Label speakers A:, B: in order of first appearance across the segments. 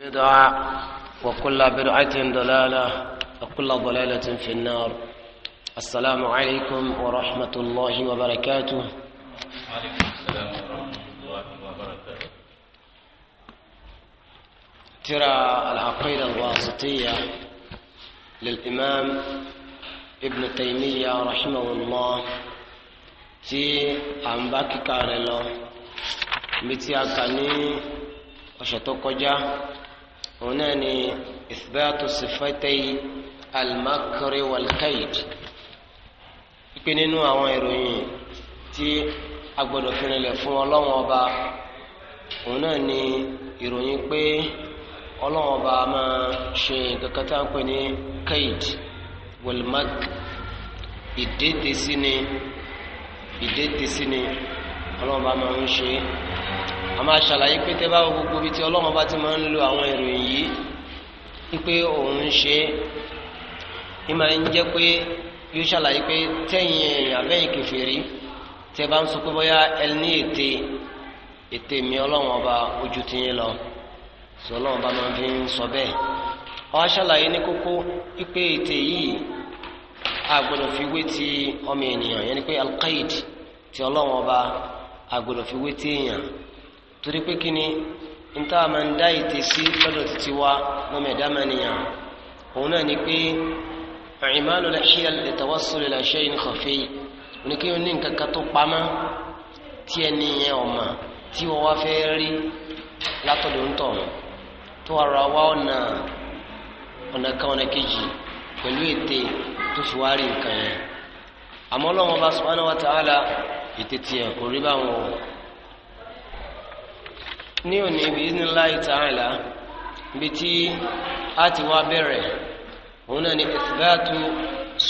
A: بدعة وكل بدعة ضلالة وكل ضلالة في النار السلام عليكم ورحمة الله وبركاته وعليكم السلام ورحمة الله وبركاته ترى العقيدة الواسطية للإمام ابن تيمية رحمه الله في أنباك كارلو متيا كاني وشتوكوجا هنا náà ni المكر والكيد. almakari walkaid ìpè nínú àwọn ìròyìn tí a gbọ́dọ̀ fìrìnlẹ̀ fún ọlọ́wọ́n ọba òun náà ni ìròyìn pé ọlọ́wọ́n ọba máa ṣe kankan tá à ń pè ní kaid walmak ìdẹ́tẹ̀sí ni ìdẹ́tẹ̀sí ni ọlọ́wọ́n ọba máa ń ṣe a máa ṣàlàyé pé tẹ́ bá wo gbogbo ibi tí ọlọ́run bá ti máa ń lo àwọn ìròyìn yìí wípé òun ń ṣe é máa ń jẹ́ pé yóò ṣàlàyé pé tẹ́yìn ẹ̀yìn abẹ́yìn kẹfìrí tẹ́ bá ń sọ pé bóyá ẹ ní ète ète mi ọlọ́run ọba ojú ti yín lọ sọ ọlọ́run ọba máa fi ń sọ bẹ́ẹ̀ ó ṣàlàyé ní kókó wípé ète yìí agbọ́dọ̀ fi wé ti ọmọ ènìyàn yẹn ni pé alqaid ti ọlọ́run ọba agbọ́dọ̀ fi wé ti èèyàn torí pé kí ni níta máa ń dá ètè sí lọ́dọ̀ títí wa lọ́mọ ẹ̀dá mẹ́niyàn òun náà ni pé àìmáàlú lẹ́ṣẹ́ ìtawọ́sọ̀rọ̀ lẹ́ṣẹ́ ìnkọ̀fẹ́ ní kí o ní nǹkan kan tó pamọ́ tí ẹni yẹn ọ̀mà tí wọ́n wá fẹ́ rí látọ̀dọ̀ ń tọ̀ tó ara wá ọ̀nà ọ̀nà kan ọ̀nà kejì pẹ̀lú ètè tó fi wá rí nǹkan yẹn àmọ́ Ọlọ́hun Ọba subhanahu ní òní biiznillahi ta'ala bí tí a ti wá bẹ̀rẹ̀ òun náà ni ithbatu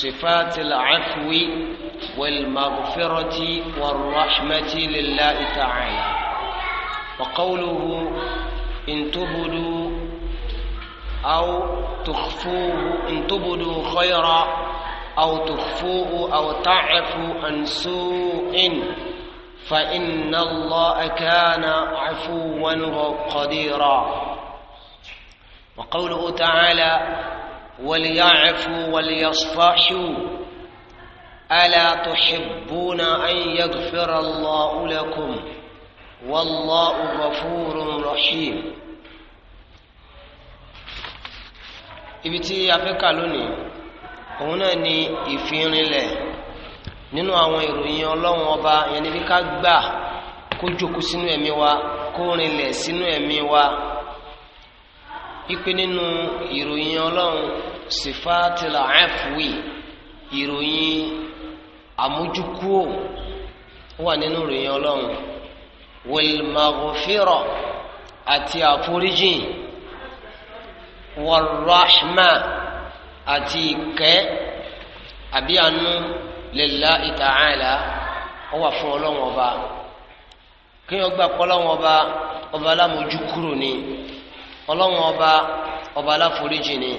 A: sifatil afwi wal maghfirati war rahmati lillahi ta'ala wa qawluhu in tubudu aw tukhfuhu in tubudu khayra aw فإن الله كان عفوا قديرا وقوله تعالى وليعفوا وليصفحوا ألا تحبون أن يغفر الله لكم والله غفور رحيم إبتي يا a هنا ني إفيني لي nínú àwọn ìròyìn ọlọ́run ọba yẹn níbi ká gbà kó jókòó sínú ẹ̀mí wa kó rinlẹ̀ sínú ẹ̀mí wa ipe nínú ìròyìn ọlọ́run sifatila afwi ìròyìn àmójúkúò wà nínú ìròyìn ọlọ́run wilmagofiro àti àforíjìn warahma àti ìkẹ́ àbí àánú lillahi ta'ala ó wà fún ọlọ́run ọba kí wọ́n gbà pọ́ ọlọ́run ọba ọba alámojú kúrò ni ọlọ́run ọba ọba aláforíjì ni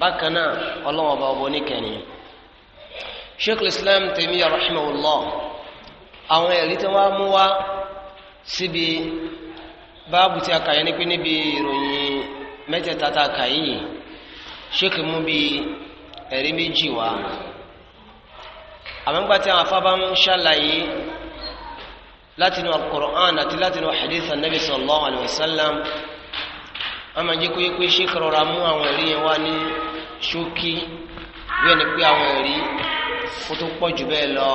A: bákan náà ọlọ́run ọba ọba oníkẹ́ni. sheikh islam Taymiyyah rahimahullah àwọn ẹ̀rí tí wọ́n á mú wá síbi báàbù tí a kà yẹn ni pé níbi ìròyìn mẹ́tẹ̀ẹ̀ta tá a kà yìí sheikh mú bi ẹ̀rí méjì wá àmọ́ngbà tí àwọn afábá ń ṣàlàyé látinú al-Qur'an àti látinú hadith anabi sallallahu alayhi wa sallam wọ́n máa jẹ́ kóyé pé ṣé kọ̀rọ̀ra mú àwọn ẹ̀rí yẹn wá ní ṣókí bí ẹni pé àwọn ẹ̀rí kó tó pọ̀ jù bẹ́ẹ̀ lọ.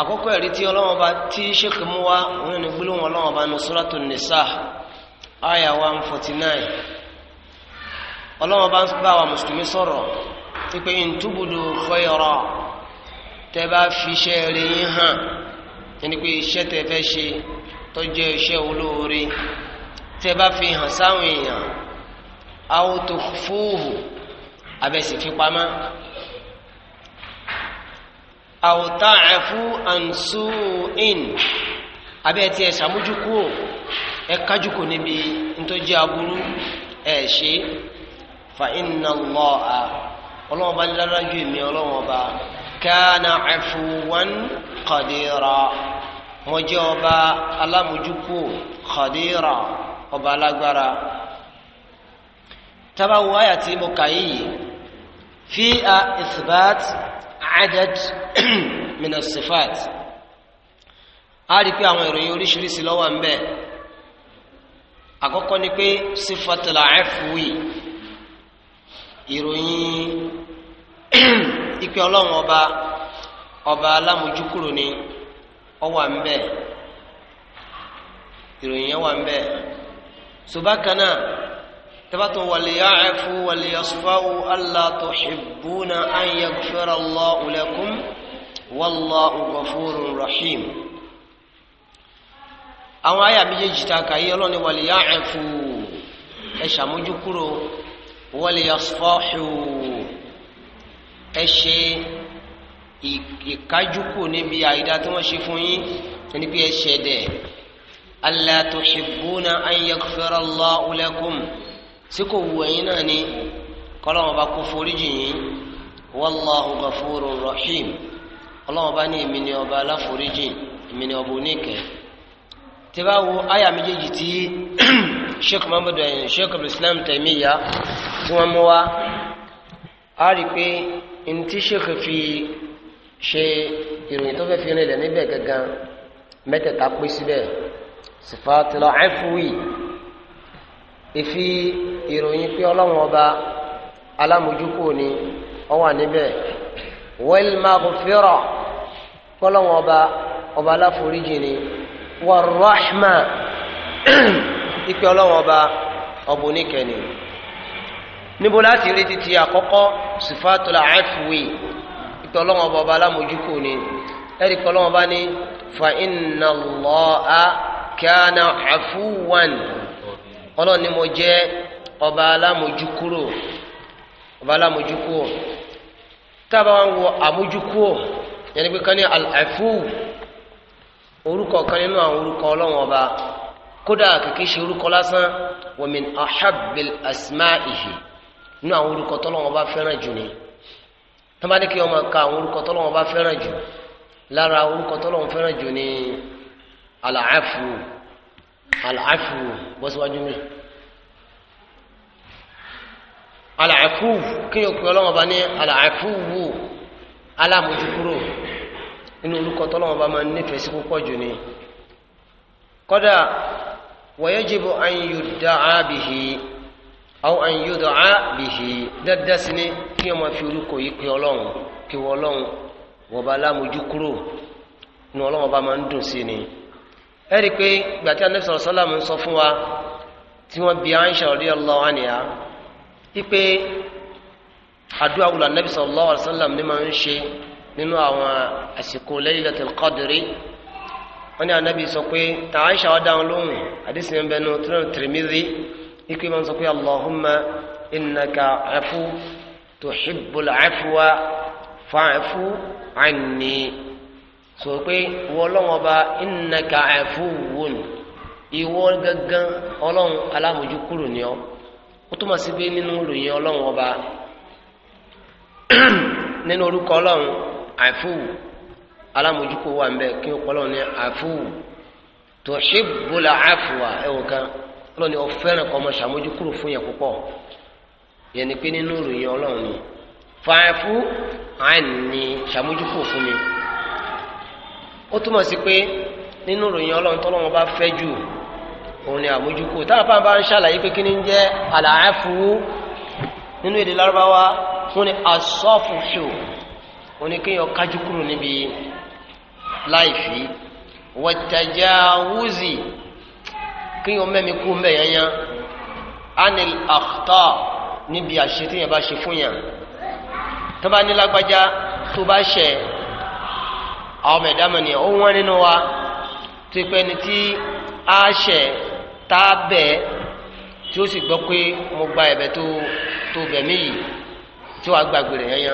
A: àkọ́kọ́ ẹ̀rí tí ọlọ́wọ́n bá tí ṣèkì mú wá òun ní gbólóhùn ọlọ́wọ́n bá nu suratu nisa aya one ọlọ́wọ́n bá ń bá wa mùsùlùmí sọ̀rọ̀ pípé ntúbùdù khayra tẹ́ bá fi iṣẹ́ rẹ̀ yín hàn ẹni pé iṣẹ́ tẹ́ fẹ́ ṣe tó jẹ́ iṣẹ́ olóore tẹ́ bá fi hàn sáwọn èèyàn aw tukhfuhu abẹ́sì fipamọ́ aw ta'fu an in abẹ́ tí ẹ sàmójúkú ò ẹ kájúkò níbi ntọ́jú aburú ẹ̀ ṣe fa inna Allaha. ọlọ́wọ́n bá lára ju èmi ọlọ́wọ́n bá kánà afuwan qadira mo jẹ́ ọba alámójúkú qadira ọba alágbára tabawo àyà tí mo kà yìí fi a isbat adad min as-sifat a rí pé àwọn ìròyìn oríṣiríṣi ló ń bẹ àkọ́kọ́ ni pé sifatul afwi ìròyìn ìpè ọlọ́run ọba ọba alámójúkúrò ni ọ wà ń bẹ ìròyìn yẹn wà ń bẹ ṣùgbọ́n kan náà tabatun wàlíyàcẹ́fù wàlíyàsùfáwù aláàtọ̀ṣìbùnà ànyàgùfẹ́rẹ́ Allah ulekum wallahu ghafurur rahim àwọn àyà méjèèjì ta kàyé ọlọ́ni wàlíyàcẹ́fù ẹ̀ ṣàmójúkúrò wàlíyàsùfáwù. ẹ ṣe ìkájúkù níbi àìdá tí wọ́n ṣe fún yín ẹni pé ẹ ṣe dẹ̀ alla tuhibbuna an yaghfira Allahu lakum tí kò wù ẹ̀yin náà ni kọ́lọ́wọ́n bá kó foríjì yín wallahu ghafurur rahim ọlọ́wọ́n bá ní èmi ni ọba aláforíjì èmi ni ọba oníkẹ́ tí bá wo àyà méjèèjì tí sheikh muhammad sheikh abdul islam Taymiyya tí wọ́n mú wa a rí pé ntí sèkè fi ṣe ìròyìn tó fẹ́ fi rìn lẹ̀ níbẹ̀ gangan mẹ́tẹ̀ẹ̀ta pé síbẹ̀ sifatil afwi ìfi ìròyìn pé ọlọ́run ọba alámójúkò ni ó wà níbẹ̀ wal maghfira kọ́lọ́run ọba ọba aláforíjì ni war rahma ìpè ọlọ́run ọba ọ̀bùnìkẹ́ níbo láti rí títí àkọ́kọ́ sifatul afwi ìtọ́lọ́wọ́n ọba ọba alámojúkò ni ẹ̀rí kọ́lọ́wọ́n bá ní fa inna Allaha kana afuwan ọlọ́ọ̀ni mo jẹ́ ọba alámojúkúrò ọba alámojúkúrò tábà wọn wo àmójúkúrò yẹn ni pé kán ní al orúkọ kan nínú àwọn orúkọ ọlọ́wọ́n ọba kódà kìkì ṣe orúkọ lásán wa min ahabbil asma'ihi nínú àwọn orúkọ tọ́lọ́wọ́n bá fẹ́ràn jù ni tọ́ba ní kí wọ́n máa ka àwọn orúkọ tọ́lọ́wọ́n bá fẹ́ràn jù lára orúkọ tọ́lọ́wọ́n fẹ́ràn jù ni àlàáfù àlàáfù bọ́síwájú mi àlàáfù kí ni òkú ọlọ́wọ́n bá ní àlàáfù wù alámójúkúrò nínú orúkọ tọ́lọ́wọ́n bá máa nífẹ̀ẹ́ sí púpọ̀ jù ni kọ́dà wa yajibu an yudda'a bihi àwọn àyùdọ á lè ṣe dáadáa sí ni kí wọn máa fi orúkọ yìí pe Ọlọ́run kí wọn Ọlọ́run wọn bá lámojú kúrò ní Ọlọ́run bá máa ń dùn sí ni ẹ rí i pé ìgbà tí anabi sọ̀rọ̀ sọ́lá mi ń sọ fún wa tí wọ́n bi Aisha radiyallahu anha ipe àdúrà wùlọ anabi sallallahu alaihi wasallam ni máa ń ṣe nínú àwọn àsìkò Laylatul Qadri wọ́n ní anabi sọ pé tàà Aisha wa dáhùn lóhùn àdìsí ẹ̀ ń bẹnu ikú máa ń sọ pé allahumma innaka afu tuhibbul afwa fa'fu anni sọ pé wọ́n lọ́wọ́ bá innaka afuwun ìwọ gangan ọlọ́run alámójúkúrò ni ọ́ ó túmọ̀ sí pé nínú ròyìn ọlọ́run ọba nínú orúkọ ọlọ́run àfúù alámójúkúrò wà ń bẹ kí ó pọ̀ lọ́run ní àfúù tuhibbul afwa ẹ̀wọ̀n kan. ọlọ́ni ọ̀fẹ́ràn kọ́ ọmọ ṣàmójúkúrò fún yẹn púpọ̀ yẹn ni pé nínú ìròyìn ọlọ́run ni fàáfù àìní ṣàmójúkúrò fún mi ó túmọ̀ sí pé nínú ìròyìn ọlọ́run tọ́lọ́run bá fẹ́ jù òun ni àmójúkúrò táwọn bá bá ń ṣàlàyé pé kí ni ń jẹ́ àlàáfù nínú èdè lárúbáwá fún ni asọ́fùṣù òun ni kéèyàn kájú kúrò níbi láìfì wọ́tàjáwúzì kí o mẹ́mi kú mbẹ́ yányá anil akhta níbi àṣẹ tí yẹn bá ṣe fún yàn tó bá ní lágbájá tó bá ṣẹ àwọn mẹ̀dámẹ́ni ó wọ́n nínú wa tó pẹ́ ni tí a ṣẹ tá a bẹ̀ tí ó sì gbọ́ pé mo gba ẹ̀bẹ̀ tó tó bẹ̀ mí yìí tí wàá gbàgbé rẹ̀ yányá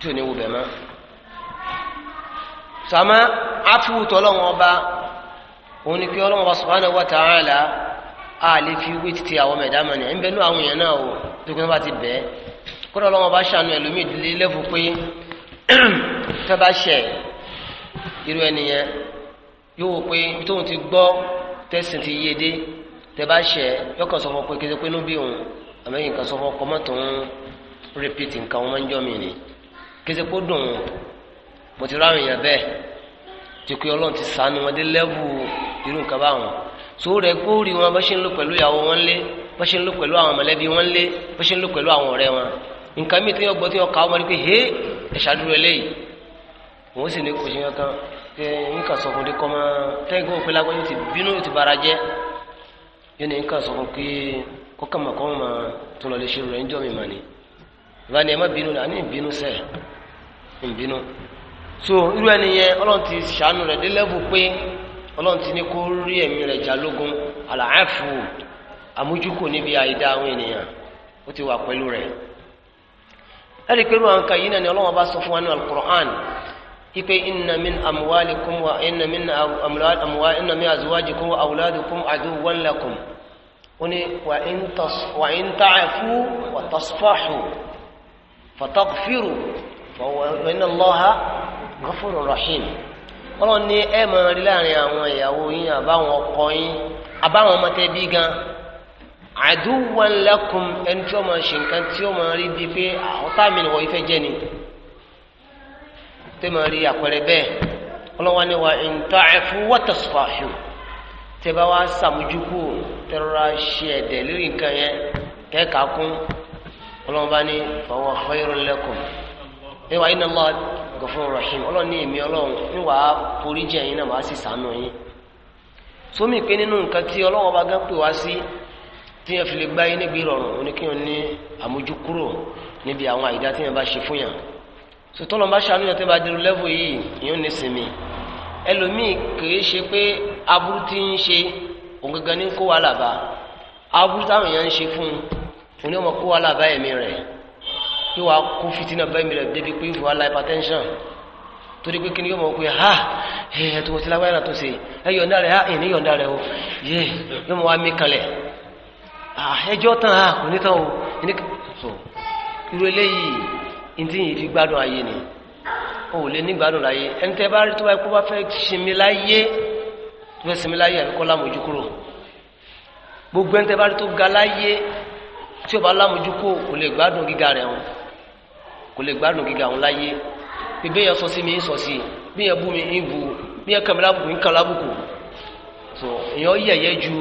A: tí ò ní wù bẹ̀ mọ́ sàmá àfiwù tọ́lọ́wọ́n ọba òun ni kí ọlọ́run wa subhanahu wa ta'ala a lè fi wí títí àwọn mẹ̀dá mọ̀ ní ẹ̀ ń bẹ́ẹ̀ ní àwọn èèyàn náà o tó kí wọ́n bá ti bẹ́ẹ̀ kó lọ́wọ́ ọlọ́run bá ṣàánú ẹlòmíì ìdílé lẹ́fù pé fẹ́ bá ṣẹ̀ irú ẹnìyẹn yóò wò pé tóun ti gbọ́ tẹ̀sìn ti yé dé tẹ́ bá ṣẹ̀ yọkàn sọ fún pé kéde pé inú bí òun àmẹ́yìn kan sọ fún ọkọ mọ́tò ń rẹpìtì nǹkan wọn jọ mí ni kéde pé dùn mo ti ráwọn èèyàn bẹ́ẹ̀ ti pé ọlọ́run ti ṣàánú wọn dé lẹ́fù irú nǹkan báwọn tó rẹ kórìí wọn bó ṣe ń lò pẹ̀lú ìyàwó wọn lé bó ṣe ń lò pẹ̀lú àwọn mọ̀lẹ́bí wọn lé bó ṣe ń lò pẹ̀lú àwọn ọ̀rẹ́ wọn nǹkan mi tí wọ́n gbọ́ tí wọ́n kà ọmọ ní pé hé ẹ̀ṣàdúró eléyìí wọ́n sì ní kò ṣe kankan pé nǹkan sọ fún dekọ́ mọ́ tẹ́gùn òpin lágbọ́n ti bínú ti bara jẹ́ yóò ní nǹkan sọ fún pé kọ́kàn mọ̀ tún lọ lè ṣe rẹ̀ ń mi mà ní ìbá ni ẹ má bínú là ní ìbínú sẹ̀ ń so irú ẹni yẹn ọlọ́run ti ṣàánú rẹ̀ dé lẹ́bù pé ọlọ́run ti ní kó rí ẹ̀mí rẹ̀ jalógun àlàáfù àmójúkò níbi àìdá àwọn ènìyàn ó ti wà pẹ̀lú rẹ̀ ẹ̀rí pẹ̀lú àwọn kan yìí náà ni ọlọ́run bá sọ fún wa ní alukur'an ipe inna min amwalikum wa inna min amwa inna min azwajikum wa awladikum aduwwan lakum ó ní wa in ta'fu wa tasfahu fa taghfiru fa wa inna allaha ghafurur rahim. ọlọ́run ní ẹ máa rí láàrin àwọn ìyàwó yín àbáwọn ọkọ yín àbáwọn ọmọ tẹ́ bí gan àdúwọ̀n lakum ẹni tí ó máa ṣe nǹkan tí ó máa rí di pé ọ̀tá mi ni wọ́n ìfẹ́ jẹ́ ni tẹ́ máa rí àpẹẹrẹ bẹ́ẹ̀ ọlọ́wọ́n ni wà in ta'fu wa tasfahu tẹ́ bá wá sàmójúkú tẹ́rọra ṣe ẹ̀dẹ̀ lórí nǹkan yẹn kẹ́ẹ̀ka kún ọlọ́wọ́n bá ní fa gọfún rahim ọlọ́run ní èmi ọlọ́run ní wàá forí jẹ́ yín náà wàá sì sànú yín sómi pé nínú nǹkan tí ọlọ́run bá gán pè wá sí tí yẹn fi lè gbáyé níbi ìrọ̀rùn ó ní kí wọn ní àmójúkúrò níbi àwọn àìdá tí yẹn bá ṣe fún yàn sòtọ́lọ́ bá ṣàánú yàn tẹ́ bá dérú lẹ́vù yìí yìí ní sinmi ẹlòmíì kìí ṣe pé aburú tí ń ṣe òun ní kó wà lába aburú táwọn èèyàn ń ṣe fún un òun ọmọ kó wà lába ẹ̀mí rẹ̀ yóò wá kó fìtínà bá ìmìlẹ̀ débi pé ìfò ala hypertension torí pé kí ni yóò mọ̀ pé ha ẹ̀ tó wọ́n ti lágbára tó ṣe ẹ yọ̀ǹda rẹ̀ ha ẹ̀ ní yọ̀ǹda rẹ̀ o yẹ yóò mọ̀ wá mí kalẹ̀ ẹjọ́ tán ha kò ní tán o ní so irú eléyìí ntí yìí fi gbádùn ayé ni o lè ní gbádùn láyé ẹni tẹ́ bá rí tó bá kó bá fẹ́ sinmi láyé tó fẹ́ sinmi láyé àbíkọ́ lámojú kúrò gbogbo ẹni tẹ́ bá rí tó ga láyé tí o bá lámojú kó o lè gbádùn gíga rẹ̀ wọn kò lè gbádùn gíga àwọn láyé bí bẹ́ẹ̀ sọ sí mi ń sọ sí bí yẹn bú mi ń bu bí yẹn kàmí lábùkù ń kàn lábùkù so èèyàn yẹ̀yẹ́ ju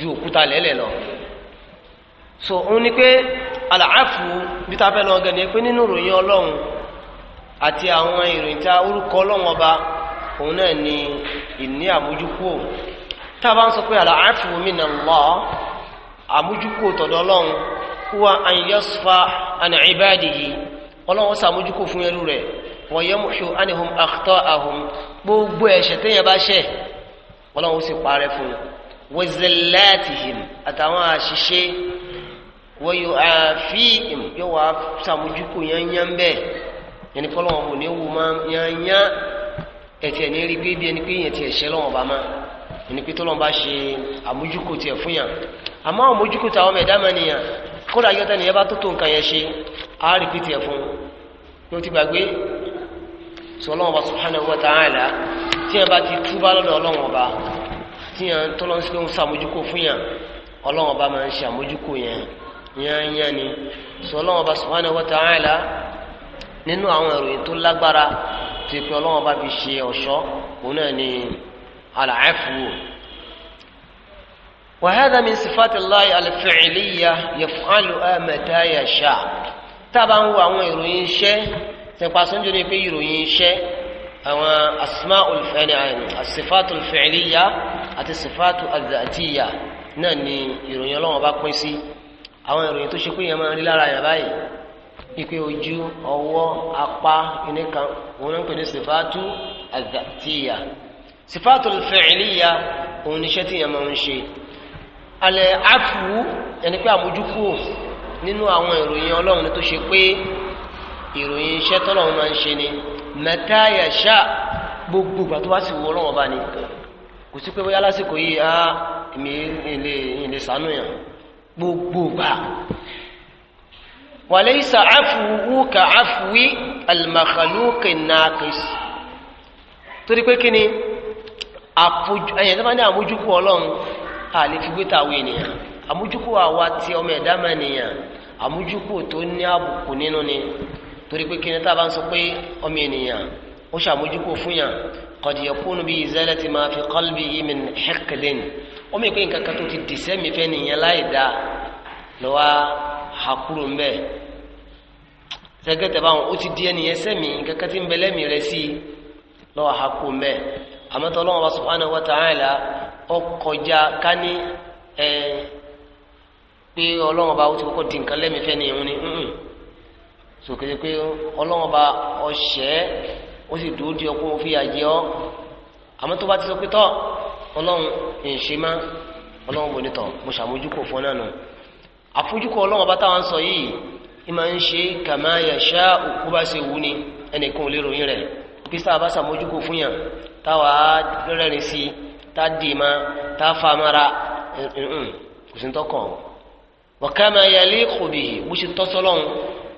A: ju òkúta lẹ́lẹ̀ lọ so òun ni pé àlàáfù bí ta fẹ́ lọ gẹ̀ ni pé nínú ìròyìn ọlọ́run àti àwọn ìròyìn tí a orúkọ ọlọ́run ọba òun náà ni ìní àmójúkúò tá a bá ń sọ pé àlàáfù minallah àmójúkúò tọ̀dọ̀ ọlọ́run huwa an yasfa an ibadihi ọlọ́run sàmójúkò fún ẹrú rẹ̀ wọ́n yẹ mọ̀ṣọ́ anihum akhtọ́ ahum gbogbo ẹ̀ṣẹ̀ téèyàn bá ṣẹ̀ ọlọ́run sì parẹ́ fún wazallatihim àtàwọn àṣìṣe wọ́n yóò àfihìm yóò wá sàmójúkò yányán bẹ́ẹ̀ yẹn ni fọlọ́wọ́n kódà yọ́tẹ́ ni ẹ bá tó tó nǹkan yẹn ṣe a rí pìtì ẹ̀ fún ní o ti gbàgbé sọlọ́wọ́n bá subhanahu wa ta'ala tí ẹ bá ti túbá lọ́dọ̀ ọlọ́wọ́n tí ẹ tọ́lọ́ sí pé sàmójúkò fún yàn ọlọ́wọ́n máa ń ṣe àmójúkò yẹn yányá ni sọlọ́wọ́n bá subhanahu وهذا من صفات الله الفعلية يفعلها متى يشاء tábà ń wo àwọn ìròyìn iṣẹ́ nípa sọ́njú ni pé ìròyìn iṣẹ́ àwọn asmaul fa'iliyya asifatul fa'iliyya àti sifatul adhatiyya náà ni ìròyìn ọlọ́wọ́n bá pín sí àwọn ìròyìn tó ṣe pé yẹn máa ń rí lára yẹn báyìí ipe ojú ọwọ́ apá ìníkan òun náà ń pè ní sifatul adhatiyya sifatul fa'iliyya òun iṣẹ́ tí yẹn máa ń ṣe alẹ́ àtúwú yẹn ni pé àmójúkú nínú àwọn ìròyìn ọlọ́run ni tó ṣe pé ìròyìn iṣẹ́ tọ́lọ́run máa ń ṣe ni mẹ́tàyàṣá gbogbo ìgbà tó bá sì wọ ọlọ́run ọba ni kò sí pé bóyá lásìkò yìí á èmi ìlè ìlè sànú yàn gbogbo ìgbà wàlẹ́yìísà àfùwú ka àfùwí alimakalókè nàákìs torí pé kí ni àmójúkú ọlọ́run a lè fi wé tàwọn ènìyàn àmójúkò àwa ti ọmọ ẹ̀dá mẹ́nìyàn àmójúkò tó ní àbùkù nínú ni torí pé kíni tá a bá ń sọ pé ọmọ ènìyàn ó ṣàmójúkò fún yàn ya yakunu bi izalati ma fi yi min hiqlin ọmọ ìpín nǹkan kan tó ti dìsẹ́ mi fẹ́ nìyẹn láì ń bẹ̀ sẹ́gẹ́tẹ̀ báwọn ó ọkọjá ká ní ẹ pé ọlọ́run ọba ó ti kọ́kọ́ di nǹkan lẹ́mìí fẹ́ ni ìhun ni sòkèdè pé ọlọ́run ọba ọ̀ṣẹ́ ó sì dúró di ọkùnrin fi àjẹ ọ́ àmọ́ tó bá ti sọ pé tọ́ ọlọ́run ìṣe má ọlọ́run bò ní tọ̀ mo ṣàmójúkò fún náà nù àfojúkò ọlọ́run ọba táwọn sọ yìí ìmọ̀ ń ṣe kàmá yàṣá òkú bá ṣe wù ni ẹnìkan ò lè ròyìn rẹ̀ pé sáà bá ṣàmójúkò fún yàn táwa rẹ́rìn sí i tá a dì ma tá a fa mara kò sí tọ́ kàn wọ́n ká máa yẹlé kò bì í bó ṣe tọ́ sọ́lọ́hún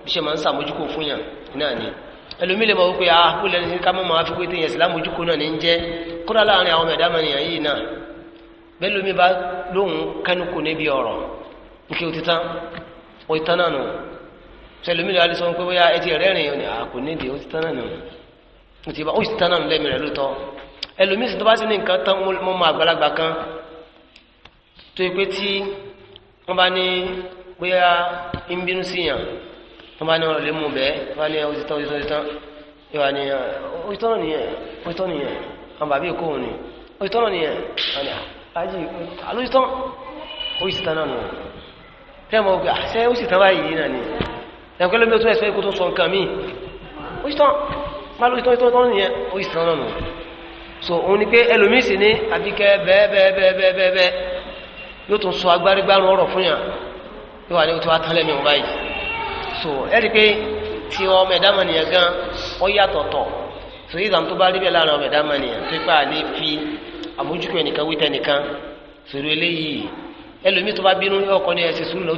A: bí ṣe máa ń sàmójúkò fún yàn náà ni ẹlòmí lè mọ̀ wípé a ah, kú lẹ́nu sí ká mọ́ máa fi pé téèyàn ìsìlámù ojúkò náà ní ń jẹ́ kúrò láàrin àwọn ẹ̀dá mọ̀nìyàn yìí náà bẹ́ẹ̀ lómi bá lóhùn kánúkò níbi ọ̀rọ̀ nkí o ti tán o ti tán náà nù sẹlẹmi lọ́wọ́ alẹ́sọ̀ pé bóyá ẹtì rẹ́rìn-ín o ní àkùnrin ah, dè o ti tán náà nù o ti tán náà nù lẹ́mìí rẹ̀ lóòótọ́ ẹlòmíì sì tó bá sí ní nǹkan tán mo mọ àgbàlagbà kan tó yẹ pé tí wọ́n bá ní bóyá ń bínú sí yàn wọ́n bá ní ọ̀rọ̀ lé mú bẹ́ẹ̀ wọ́n bá ní òtítọ́ òtítọ́ òtítọ́ ìwà ni òtítọ́ náà nìyẹn òtítọ́ nìyẹn àwọn bàbá èkó òun ni òtítọ́ náà nìyẹn àjì àlójútọ́ òyìsítà náà nù tẹ́mọ̀ ni ẹ̀kọ́ lómi ó tún ẹ̀sọ́ ikú tó sọ nǹkan míì òyìsítọ́ má lójútọ́ ìtọ́ nìyẹn òyìsítà náà nù so òun ni pé ẹlòmíì sì ní àbíkẹ́ bẹ́ẹ̀ bẹ́ẹ̀ bẹ́ẹ̀ bẹ́ẹ̀ bẹ́ẹ̀ bẹ́ẹ̀ yóò tún sọ agbárígbárùn ọ̀rọ̀ fún yàn yóò wà ní oṣù atánlẹ̀ mi ò báyìí so ẹ rí i pé tí ọmọ ẹ̀dá mọ̀nìyàn gan ọ yàtọ̀ tọ̀ so yíyá tó bá rí bẹ́ẹ̀ lára ọmọ ẹ̀dá mọ̀nìyàn tó ipa àlè fi àmójúkú ẹnìkan wí tẹnìkan sọ̀rọ̀ eléyìí ẹlòmíì tó bá bínú ọkọ ní ẹsẹ̀ sùúrù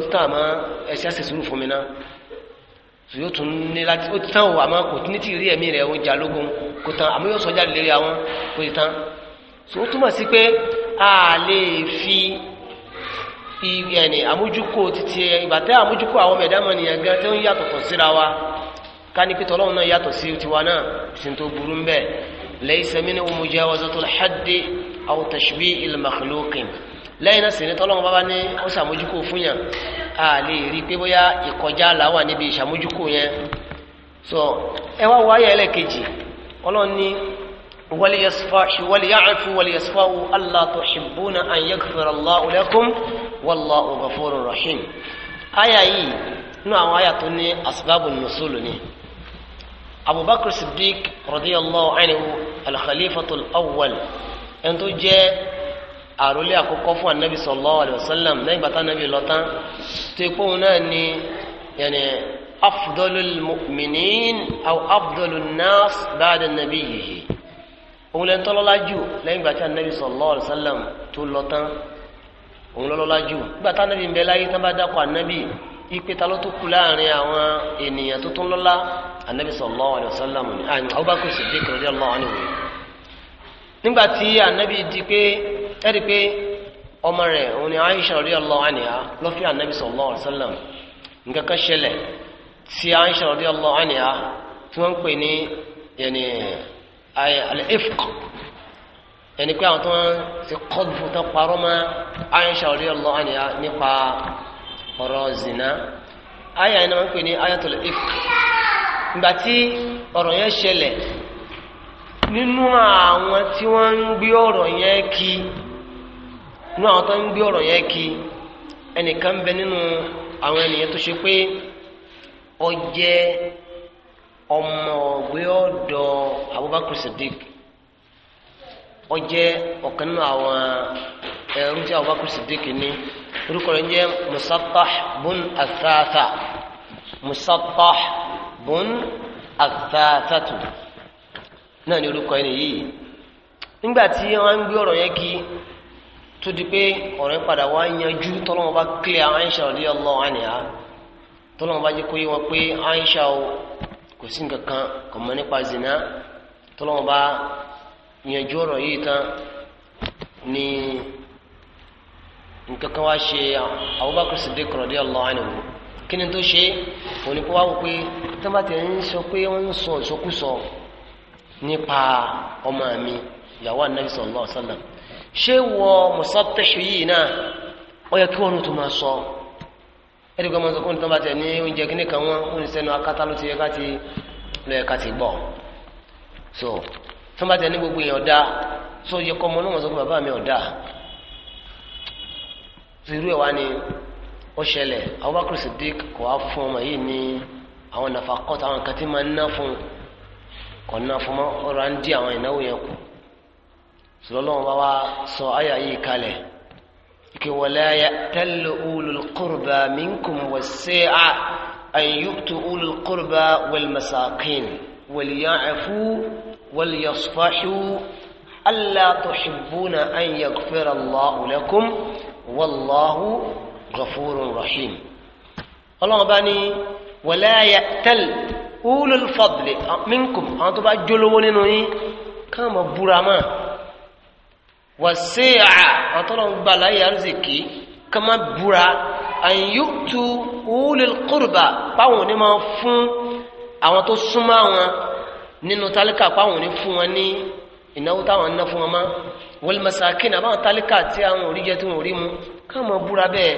A: so yóò tún ní láti ó ti tán o àmọ́ kò ní ti rí ẹ̀mí rẹ̀ oúnjẹ alógún kò tán àmọ́ yóò sọjá lérí àwọn kò ti tán so ó túmọ̀ sí pé a lè fi ẹni àmójúkò títí ìbàtẹ́ àmójúkò àwọn mẹ̀dámọ̀ nìyẹn gan tí ó ń yàtọ̀tọ̀ síra wa ká ní pé tọ́lọ́run náà yàtọ̀ sí tiwa náà sì ń tó burú bẹ́ẹ̀ laysa minhu mujawazatu al-haddi aw tashbihi al-makhluqin lẹ́yìn náà sì ní tọ́lọ́wọ́n bá ní ó ṣàmójúkò fún yàn a lè rí pé bóyá ìkọjá là níbi ìṣàmójúkò yẹn so ẹ wá wáyà ẹlẹ́kejì ọlọ́run ní wàlíyàáfù wàlíyàsífàwù Allah tuhibbuna an yaghfira Allahu lakum wallahu ghafurur rahim àyà yìí nínú àwọn àyà tó ní asbabun nùsùlù ni Abubakar Siddiq radiyallahu anhu al awwal ẹni tó jẹ́ àròlé àkọ́kọ́ fún anabi sallallahu alayhi wa sallam lẹ́yìn bàtà anabi lọ́tán tó ikú òun náà ni yẹnì afdolul mu'minin aw afdolul nas ba'da anabi yìí òun lẹ́yìn tọ́lọ́lá jù lẹ́yìn bàtà anabi sallallahu alayhi wa sallam tó lọ́tán òun lọ́lọ́lá jù bàtà anabi ń bẹ láyé tán bá dákọ̀ anabi ipe ta ló tó kú láàrin àwọn ènìyàn tó tún lọ́lá anabi sallallahu alayhi ẹ̀rí pé ọmọ rẹ̀ òun ni Aisha radiyallahu anha lọ́fíà Nabi sallallahu alaihi wasallam nǹkan kan ṣẹlẹ̀ tí Aisha radiyallahu anha tí wọ́n ń pè ní yẹni al-ifq yẹni pé àwọn tó ń ti kọ́dùfù tó parọ́ mọ́ Aisha radiyallahu anha nípa ọ̀rọ̀ zina aya yẹn wọ́n ń pè ní ayatul ifk ìgbà tí ọ̀rọ̀ yẹn ṣẹlẹ̀ nínú àwọn tí wọ́n ń gbé ọ̀rọ̀ yẹn kí nínú àwọn tó ń gbé ọ̀rọ̀ yẹn kí ẹnìkan ń bẹ nínú àwọn ènìyàn tó ṣe pé ó jẹ́ ọmọ ọ̀gbé ọ̀dọ̀ Abubakar Siddiq ó jẹ́ ọ̀kan nínú àwọn tí Abubakar Siddiq ní orúkọ rẹ̀ ń jẹ́ Musattah bun Athatha Musattah bun Athathatu náà ni orúkọ ẹni yìí nígbà tí wọ́n ń tó di pé ọ̀rẹ́ padà wá yanjú tọ́lọ́wọ́n bá kílẹ̀ Aisha radiyallahu anha tọ́lọ́wọ́n bá jẹ́ kó yé wọn pé Aisha o kò sí nǹkan kan kò mọ̀ nípa zina tọ́lọ́wọ́n bá yanjú ọ̀rọ̀ yìí tán ni nǹkan kan wá ṣe Abubakar Siddiq radiyallahu anhu kí ni tó ṣe òní kó wá wò pé tó bá ti ń sọ pé wọ́n ń sọ ìsọkúsọ nípa ọmọ mi ìyàwó Ànábì sallallahu alaihi wasallam ṣé wọ mùsọ́tẹ̀ṣù yìí náà ó yẹ kí wọn tó máa sọ ẹni kan máa sọ fún ìtọ́ba tẹ ní oúnjẹ kíní kan wọn ó ní sẹ́nu akátá ló ti yẹ ká ti lọ ẹ̀ka ti gbọ́ so tọ́ba tẹ ní gbogbo èèyàn ọ̀dà so yẹ kọ́ ọmọ náà wọ́n sọ fún bàbá mi ọ̀dà so irú ẹ̀ wá ni ó ṣẹlẹ̀ Abubakar Siddiq kò wá fún ọmọ yìí ní àwọn nàfàkọ́tà àwọn kan tí máa ń ná fún kò ná fún mọ́ ọ̀rọ̀ à ń dí àwọn ìnáwó yẹn kù sọlọ́wọ́n bá wá sọ àyà yìí kalẹ̀ kí wala ya'tal ulul qurba minkum was-sa'a an yu'tu ulul qurba wal masakin wal ya'fu wal yasfahu alla tuhibbuna an yaghfira Allahu lakum wallahu ghafurun rahim. ọlọ́wọ́n bá ní wala ya'tal ulul fadli minkum àwọn tó bá jólówó nínú yín káàmọ̀ búra wàsíà àtọ́nà gba láyé àrísìkí ká má búra àyùtù ulil qurba páwọn ò ní máa fún àwọn tó súnmọ́ àwọn nínú tálíkà páwọn ò ní fún wọn ní ìnáwó táwọn ń ná fún wọn mọ́ wal masakin àbáwọn tálíkà tí àwọn ò jẹ tí wọn rí mu ká má búra bẹ́ẹ̀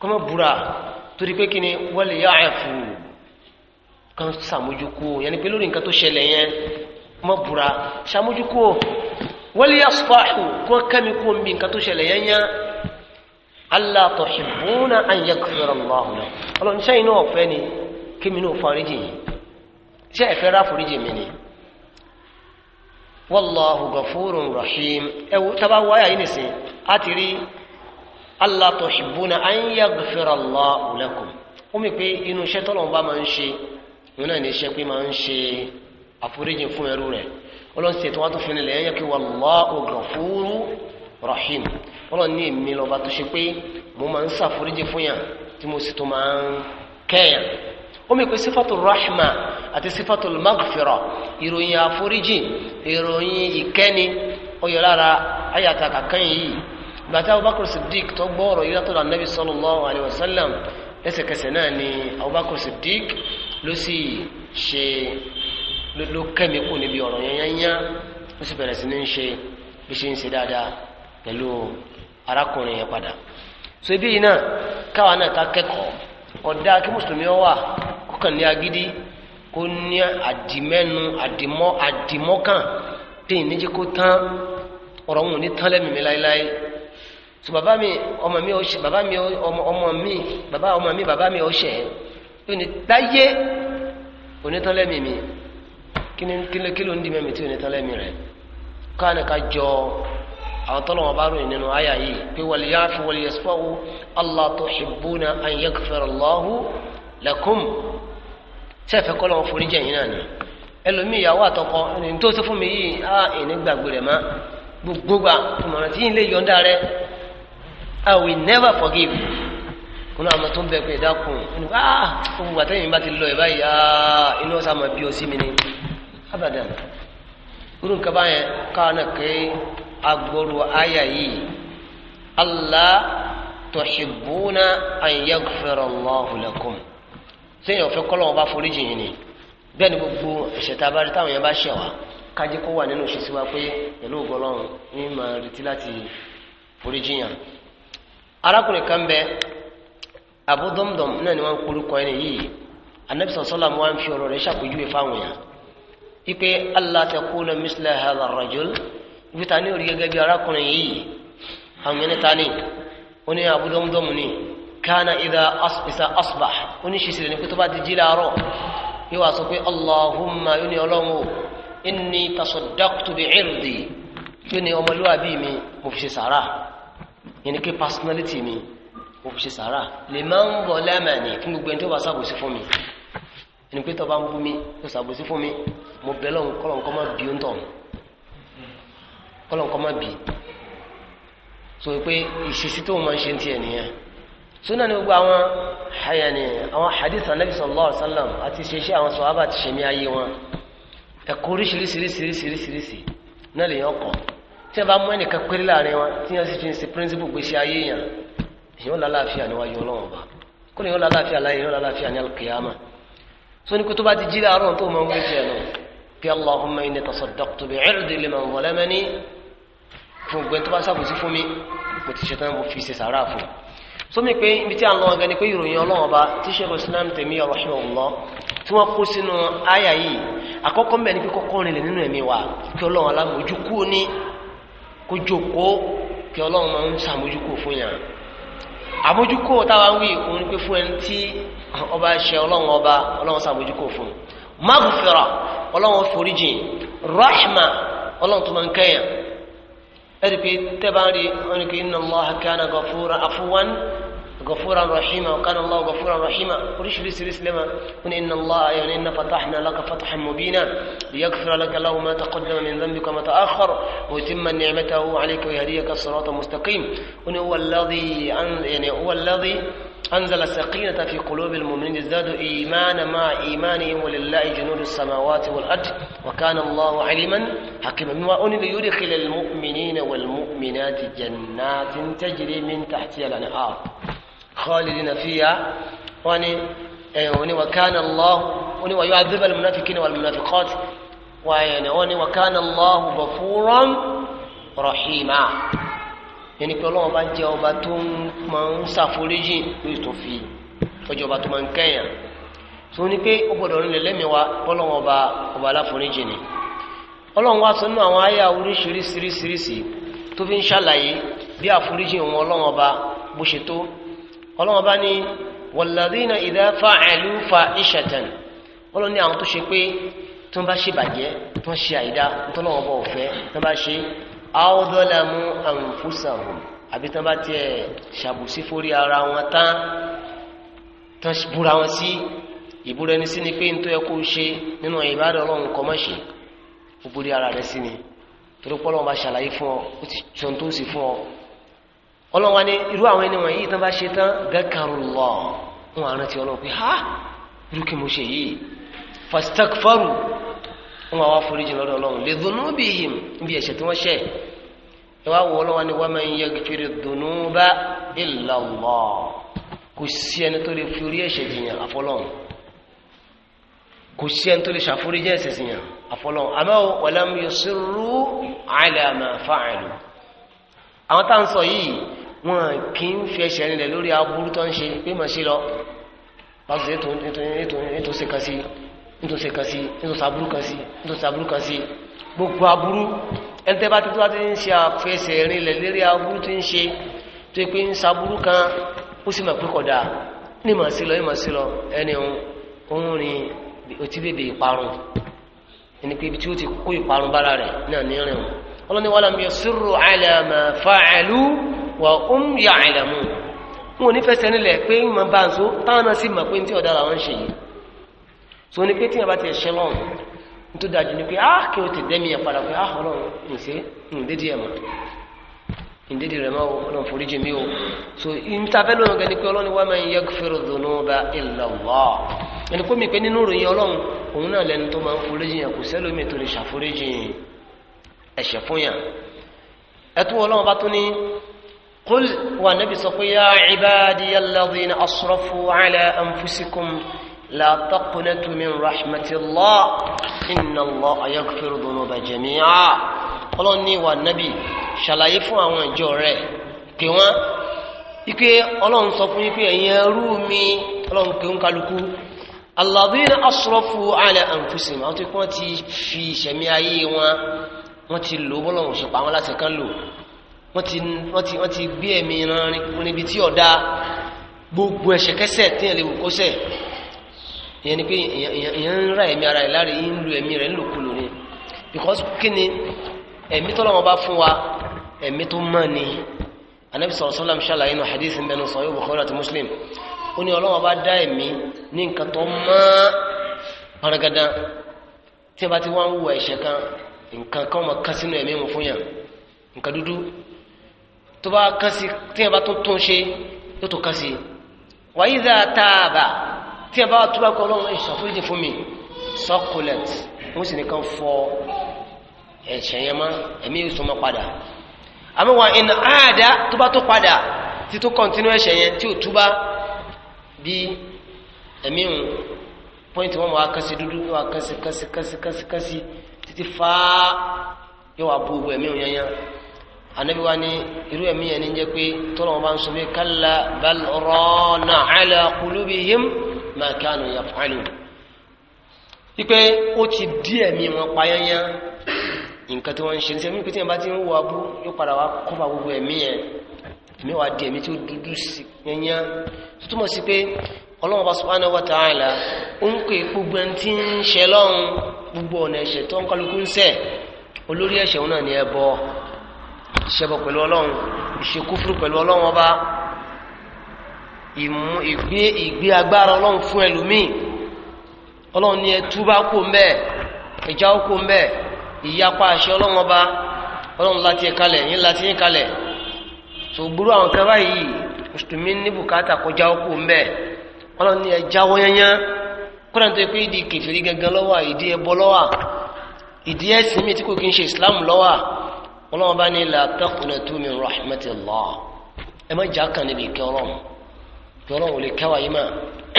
A: ká má búra torí pé kí ni wal ya'fu kan sàmójúkú yẹn pé lórí nǹkan tó ṣẹlẹ̀ yẹn má búra sàmójúkú wal yasfahu kó kẹ́mi kó mi nǹkan tó ṣẹlẹ̀ yẹn yẹn allah tuhibbuna an yaghfira Allahu lakum ọlọ́run sẹ́yìn náà ọ̀fẹ́ ni kémi náà foríjì yìí sí ẹ̀fẹ́ rá foríjì mi ni wallahu ghafurun rahim ẹ̀wù tábà wáyà yìí nìsín á ti rí allah tuhibbuna an yaghfira Allahu lakum ó mi pé inú iṣẹ́ tọ́lọ́run ọlọ́run ṣètò wá tó fi nílẹ̀ yẹ kí wallahu ghafuru rahim ọlọ́run ní èmi lọ́ba tó ṣe pé mo máa ń ṣàforíjì fún yàn tí mo sì tó máa ń kẹ́yàn ó mi pé sífàtò rahma àti sífàtò magfira ìròyìn àforíjì ìròyìn ìkẹ́ni ó yọ lára ayàtà kàkán yìí gbàtà Abubakar Siddiq tó gbọ́ ọ̀rọ̀ yìí látọ̀dọ̀ lẹ́sẹ̀kẹsẹ̀ náà ni Abubakar Siddiq ló sì ṣe ló kẹ́mi kù níbi ọ̀rọ̀ yányányá ó sì bẹ̀rẹ̀ sí ní ṣe bí ṣe ń ṣe dáadáa pẹ̀lú arákùnrin yẹn padà so ibi yìí náà káwa náà ká kẹ́kọ̀ọ́ ọ̀dá kí mùsùlùmí ọ wà kó kàn ní agídí kó ní àdìmẹ́nu àdìmọ́ àdìmọ́kàn téyìn níjẹ́ kó tán ọ̀rọ̀ wọn ò ní tán lẹ́mìí mi láéláé so bàbá mi ọmọ mi ọṣẹ bàbá mi ọmọ mi bàbá ọmọ mi bàbá mi ọṣẹ yóò ní táyé onítọ́lẹ́mìí mi kíni kí ló ń di mẹ́mi tí ò ní tán lẹ́mi rẹ̀ káàní ká jọ àwọn tọ́lọ̀ wọn bá ròyìn nínú àyà yìí pé wal yafu wal yasfahu Allah tuhibbuna an yaghfira Allahu lakum sẹ́ẹ̀fẹ́ kọ́ lọ́wọ́ forí jẹ̀yìn náà ni ẹlòmíì ìyàwó àtọkọ ẹni tó sọ fún mi yìí á ìní gbàgbé rẹ̀ má gbogbo gbà tòmọ̀ràn tí yìí lè yọ̀ǹda rẹ̀ I will never forgive kúnlá àmọ́ tó ń bẹ pé ìdákùn ah òun àtẹ̀yìn bá ti lọ ẹ̀ báyìí ah inú ọ̀sán àmọ́ bí ó sí mi ni abadan irú nǹkan báyẹn káwọn náà ké agboro àyà yìí allah tuhibbuna an yaghfira Allahu lakum sẹ́yìn ọ̀fẹ́ kọ́lọ́wọ́n bá foríjì yìí ni bẹ́ẹ̀ ni gbogbo ẹ̀ṣẹ̀ tá a bá rí táwọn yẹn bá ṣẹ̀ wá kájí kó wa pé pẹ̀lú ògbọ́lọ́run ní máa retí láti foríjì yàn. arákùnrin kan bẹ Abu Damdam náà ni wọ́n ń korúkọ ẹni anabi sallallahu alaihi wasallam wọ́n fi ọ̀rọ̀ rẹ̀ ṣàpèjúwe fáwọn yàn ipe allah ta kuna misla hadha rajul ibi ta ni ori gẹ́gẹ́ bí arákùnrin yìí àwọn yẹn ta ni ó ní abúdọ́mdọ́mù ni kana idha asbisa asbah ó ní ṣiṣẹ́ ni pé ti jí láàárọ̀ yóò wá sọ pé allahumma yóò ní ọlọ́run o inni bi irdi yóò ní ọmọlúwàbí mi mo fi ṣe sàrà yẹn ni personality mi mo fi ṣe sàrà liman zalamani fún gbogbo ẹni tó bá ṣàbòsí fún mi ẹni pé tọ́ba ń bú mi ó ṣàbòsí fún mi mo bẹ̀ lọ́hùn kọ́lọ́nkọ́ má bí ó ń tọ̀ kọ́lọ́nkọ́ má bí so pé ìṣesí tóun máa ń ṣe ń tiẹ̀ nìyẹn sunna ni gbogbo àwọn hayani àwọn hadith anabi sallallahu alaihi wa sallam àti ìṣesí àwọn sọ̀hábà ti ṣẹ̀mí ayé wọn ẹ̀kọ́ oríṣiríṣiríṣiríṣiríṣi náà lèèyàn kọ̀ tí wọ́n bá mú ẹnìkan péré láàrin wọn tí wọ́n sì fi ń ṣe píríncípù gbèsè ayé yàn èèyàn lálàáfíà níwájú ọlọ́run ọba kó lè yàn lálàáfíà láyé yàn lálàáfíà ní alùkìyàmà sóní kó tó bá ti jí láàárọ̀ tó máa ń wé tiẹ̀ nù kí allahumma inni tasaddaqtu bi irdi liman zalamani fún gbẹ́ tó bá sàbòsí fún mi kò ti ṣetán mo fi ṣe sàárà fún sómi pé ibi tí a ń lọ ọgá ni pé ìròyìn ọlọ́run ọba tí sheikh islam Taymiyya rahimahullah tí wọ́n kó sínú àyà yìí àkọ́kọ́ mẹ́rin pé kọ́kọ́ rinlẹ̀ nínú ẹ̀mí wa kí ọlọ́run alámójúkú ní kó jókòó kí ọlọ́run máa ń sàmójúkú fún yàn àbójúkò táwa wí òun pé fún ẹni tí ọba ṣe ọlọ́run ọba ọlọ́run sàbójúkò fún maghfira ọlọ́run foríjìn rahma ọlọ́run tó máa ń kẹ́yàn ẹ̀rí pé tẹ́bà ń rí ọ̀nìkì inna Allaha kana ghafura afuwan غفورا رحيما وكان الله غفورا رحيما قريش بس الإسلام قل إن الله يعني إن فتحنا لك فتحا مبينا ليغفر لك الله ما تقدم من ذنبك وما تأخر ويتم نعمته عليك ويهديك الصراط المستقيم قل هو الذي يعني هو الذي أنزل السكينة في قلوب المؤمنين ازدادوا إيمانا مع إيمانهم ولله جنود السماوات والأرض وكان الله عليما حكيما وأن ليدخل المؤمنين والمؤمنات جنات تجري من تحتها الأنهار khalidina fiha wọ́n ní ẹ̀yìn òní wa kana Allahu òní wa yu'adhibu al-munafiqina wal-munafiqat wáyẹ̀nì wọ́n ní wa kana Allahu ghafuran rahima yẹn ni pé ọlọ́wọ́n bá jẹ́ ọba tó máa ń ṣàforíjì lórí tó fi ọjọ́ ọba tó máa ń kẹ́yàn tó ní pé ó gbọ́dọ̀ nílẹ̀ lẹ́mìí wa ọlọ́wọ́n ọba ọba aláforíjì ni ọlọ́run wá sọ́nà àwọn àyà oríṣiríṣiríṣiríṣi tó fi ń ṣàlàyé bí àforíjì òun ọlọ́run ọba bó ṣe tó ọlọ́wọ́n bá ní wàlàdínà ìdá fa fa'ishatan ọlọ́wọ́n ní àwọn tó ṣe pé tó ń bá ṣe bàjẹ́ tó ń ṣe àìdá tó lọ́wọ́ bọ̀ ọ̀fẹ́ tó bá ṣe áódọ́làmú àǹfùsàhùn ara wọn tán tó búra wọn sí ìbúra ẹni sí ni pé nítorí ẹkọ ṣe nínú ìbádọ́ ọlọ́run kọ́ torí pọ́lọ́wọ́n bá ṣàlàyé fún ọ ó ti tó sì fún ọ ọlọ́run wa ní irú àwọn ẹni wọ̀nyí tán bá ṣe tán gẹ́kàrúlọ́ wọn àrántí ọlọ́run pé ha irú kí mo ṣe yìí fastakfaru wọn wá foríjì lọ́dọ̀ ọlọ́run li dhunubihim níbi ẹ̀ṣẹ̀ tí wọ́n ṣẹ̀ ẹ wá wọ ọlọ́run wa ní wa man yaghfiru dhunuba illa Allah kò sí ẹni tó lè forí ẹ̀ṣẹ̀ jìyàn àfọlọ́run kò sí ẹni tó lè ṣàforíjì ẹ̀ṣẹ̀ jìyàn àfọlọ́run àmọ́ walam wọn kì í fi ẹsẹ̀ rinlẹ̀ lórí aburú tó ń ṣe pé màá ṣe lọ pàtó ètòsí kan sí nítòsí kan sí nítòsí aburú kan sí nítòsí aburú kan sí gbogbo aburú ẹni tẹ́ bá tó tó ti ń ṣe àfẹsẹ̀ rinlẹ̀ lórí aburú tó ń ṣe tó pé ń saburú kan ó sì mọ̀ pé kódà
B: ní màá ṣe lọ ní màá ṣe
A: lọ ẹni òun rìn otí bèbè ìparun ẹni pé ibi tí ó ti kó ìparun bára rẹ̀ náà ní rìn ọlọ́ni wàlámi yasirru ala ma fa'alu wà um ya'lamun wọn ò ní fẹsẹ̀ nílẹ̀ pé ń mọ bá ń so táwọn náà sì mọ̀ pé tí ọ̀daràn wọn ń ṣe yìí so ni pé tí wọn bá ti ẹ̀ ṣẹ́ lọ́run tó dájú ni pé ah kí o ti dẹ́mi ẹ̀ padà pé ah ọlọ́run ǹṣe ǹdédé ẹ̀ mọ̀ ìdíde rẹ̀ máa ọlọ́run foríjì mí o so ìtafẹ́ lónìí ọ̀gá ni pé ọlọ́run wá máa ń yaghfiru dhunuba illa Allah ẹni kó mi pé nínú ìròyìn ọlọ́run قل والنبي صلى يا عبادي الذين أصرفوا على أنفسكم لا تقنطوا من رحمة الله إن الله يغفر الذنوب جميعا Ọlọ́run ní ìwà nábì ṣàlàyé fún àwọn ìjọ rẹ̀ pé wọ́n ike Ọlọ́run sọ fún ipe ẹ̀yin ẹrú mi Ọlọ́run pé ń kálukú alladhina asrafu ala anfusihim àwọn tó kí wọ́n ti fi ìṣẹ̀mí ayé wọn wọ́n ti lò bọ́lọ́run ṣùpá wọn láti kán lò wọ́n ti wọ́n ti wọ́n ti gbé ẹ̀mí ìran níbi tí ọ̀dá gbogbo ẹ̀ṣẹ̀kẹ́sẹ̀ tí ẹ̀ lè wò kọ́sẹ̀ ìyẹn ni pé ìyẹn ń ra ẹ̀mí ara rẹ̀ láre ń lu ẹ̀mí rẹ̀ ńlòkulò ni because kí ni ẹ̀mí tọ́lọ́ wọn bá fún wa ẹ̀mí tó mọ́ ni anabi sọ̀rọ̀ sọ́lám ṣàlàyé nu hadith mẹ́nu Muslim ó ní Ọlọ́hun bá dá ẹ̀mí ní nǹkan tó mọ́ paragadan tí nǹkan dúdú tó bá kán sí téèyàn bá tó tún ṣe yóò tó kán sí wàyí dà tààbà téèyàn bá tó bá kọ́ ọlọ́run ìṣàforíjì fún mi succulent wọ́n sì nìkan fọ ẹ̀ṣẹ̀ yẹn mọ́ ẹ̀mí yóò súnmọ́ padà àmọ́ wà ìnà àádá tó bá tó padà tí tó kọ́ntínú ẹ̀ṣẹ̀ yẹn tí ò túbá bí ẹ̀mí hùn pọ́ìntì wọn wà kásí dúdú wà kásí kásí kásí kásí kásí títí fàá yóò wà bú ẹ̀mí hùn yẹn anabi wa ni irú ẹ̀mí yẹn ni jẹ́ pé tọ́lọ̀ wọn bá ń sọ pé kálá bal rana ala qulubihim ma kanu yaf'alun ipe ó ti dí ẹ̀mí wọn payányá nǹkan tí wọ́n ń ṣe ní sẹ́mi pé tí wọ́n bá ti ń wọ abú yóò padà wá kọ́ba gbogbo ẹ̀mí yẹn ẹ̀mí wa di ẹ̀mí tí ó dúdú sí yányá tó túmọ̀ sí pé ọlọ́run bá subhanahu wa ta'ala ó ń pè gbogbo ẹni tí ń gbogbo ọ̀nà ẹ̀ṣẹ̀ tó ń kálukú ń olórí ẹ̀ṣẹ̀ òun ni ẹbọ ìṣẹbọ pẹ̀lú ọlọ́run ìṣekúfúrú pẹ̀lú ọlọ́run ọba ìgbé ìgbé agbára ọlọ́run fún ẹlòmíì ọlọ́run ní ẹtúbá kò ń bẹ́ẹ̀ ìjà kò ń bẹ́ẹ̀ ìyapa àṣẹ ọlọ́run ọba ọlọ́run láti ẹ̀ kalẹ̀ yín láti yín kalẹ̀ tó gbúrú àwọn kan báyìí mùsùlùmí ní bùkátà kọjá kò ń bẹ́ẹ̀ ọlọ́run ní ẹja wọ́nyányán kọ́nà tó pé ìdí kẹfìrí gangan lọ́wọ́ ìdí ẹbọ lọ́wọ́ ìdí ẹ̀sìn mi tí kò kí ń ṣe ìsìlámù lọ́wọ́ ọlọ́run bá ní la taqnatu min rahmatillah ẹ má jà kàn níbi ìkẹ́ ọlọ́run ìkẹ́ ọlọ́run ò lè kẹwàá yìí mà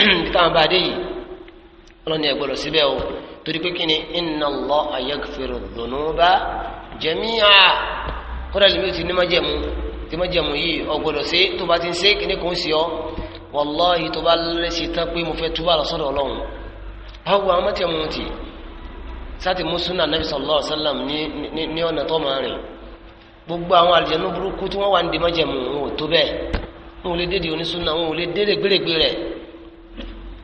A: táwọn bá dé yìí ọlọ́run ní ẹ gbọ́dọ̀ síbẹ̀ o torí pé kí ni inna Allaha yaghfiru dhunuba jami'a kódà lèmi ò ti ní má jẹ̀mú tí má jẹ̀mú yìí ọ gbọ́dọ̀ sí tó bá ti ń sé kíní kò ń sí ọ wàláhì tó bá lẹ́sí tán pé mo fẹ́ túbà lọ sọ́dọ̀ ọlọ́run báwo àwọn mọ́tẹ̀mú ti sáti mú súnà nàbì sallallahu alaihi wasallam ní ọ̀nà tó máa rìn gbogbo àwọn àlùjànnú burúkú tí wọ́n wà ní dèmọ́jẹ̀mú wọn ò tó bẹ́ẹ̀ wọn ò lè dédé onísúnà wọn ò lè dédé gbèrègbè rẹ̀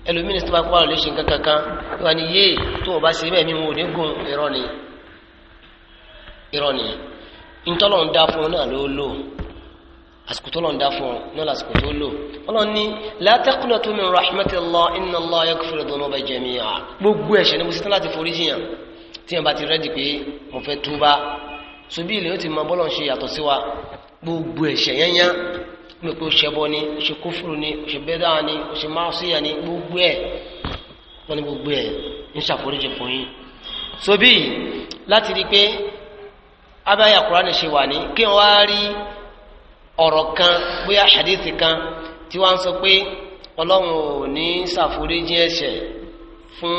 A: ẹlòmíní tó bá pa ọ̀rọ̀ lè ṣe nǹkan kankan wọn ni yéè tó wọn bá ṣe bẹ́ẹ̀ mi wọn ò ní gun irọ́ ni irọ́ ni ntọ́lọ̀ ń dá fún un náà ló lò àsìkò tó lọ ń dá fún un náà lásìkò tó lò ọlọ́run ní la taqnatu min rahmatillah inna Allah yaghfiru dhunuba jami'a gbogbo ẹ̀ṣẹ̀ ni mo ṣetán láti ṣubí ilẹ̀ ó ti mọ bọ́lọ̀ ń ṣe yàtọ̀ sí wa gbogbo ẹ̀ṣẹ̀ yányá mi pé ó ṣẹbọ ni ó ṣe kófúrú ni ó ṣe bẹ́dà ni ó ṣe máṣíyà ni gbogbo ẹ̀ wọ́n ní gbogbo ẹ̀ ń ṣàforíjì fún yín ṣubí láti rí pé abáyà kúránì ṣe wà ní kí wọ́n á rí ọ̀rọ̀ kan bóyá hadith kan tí wọ́n sọ pé ọlọ́run ò ní ṣàforíjì ẹ̀ṣẹ̀ fún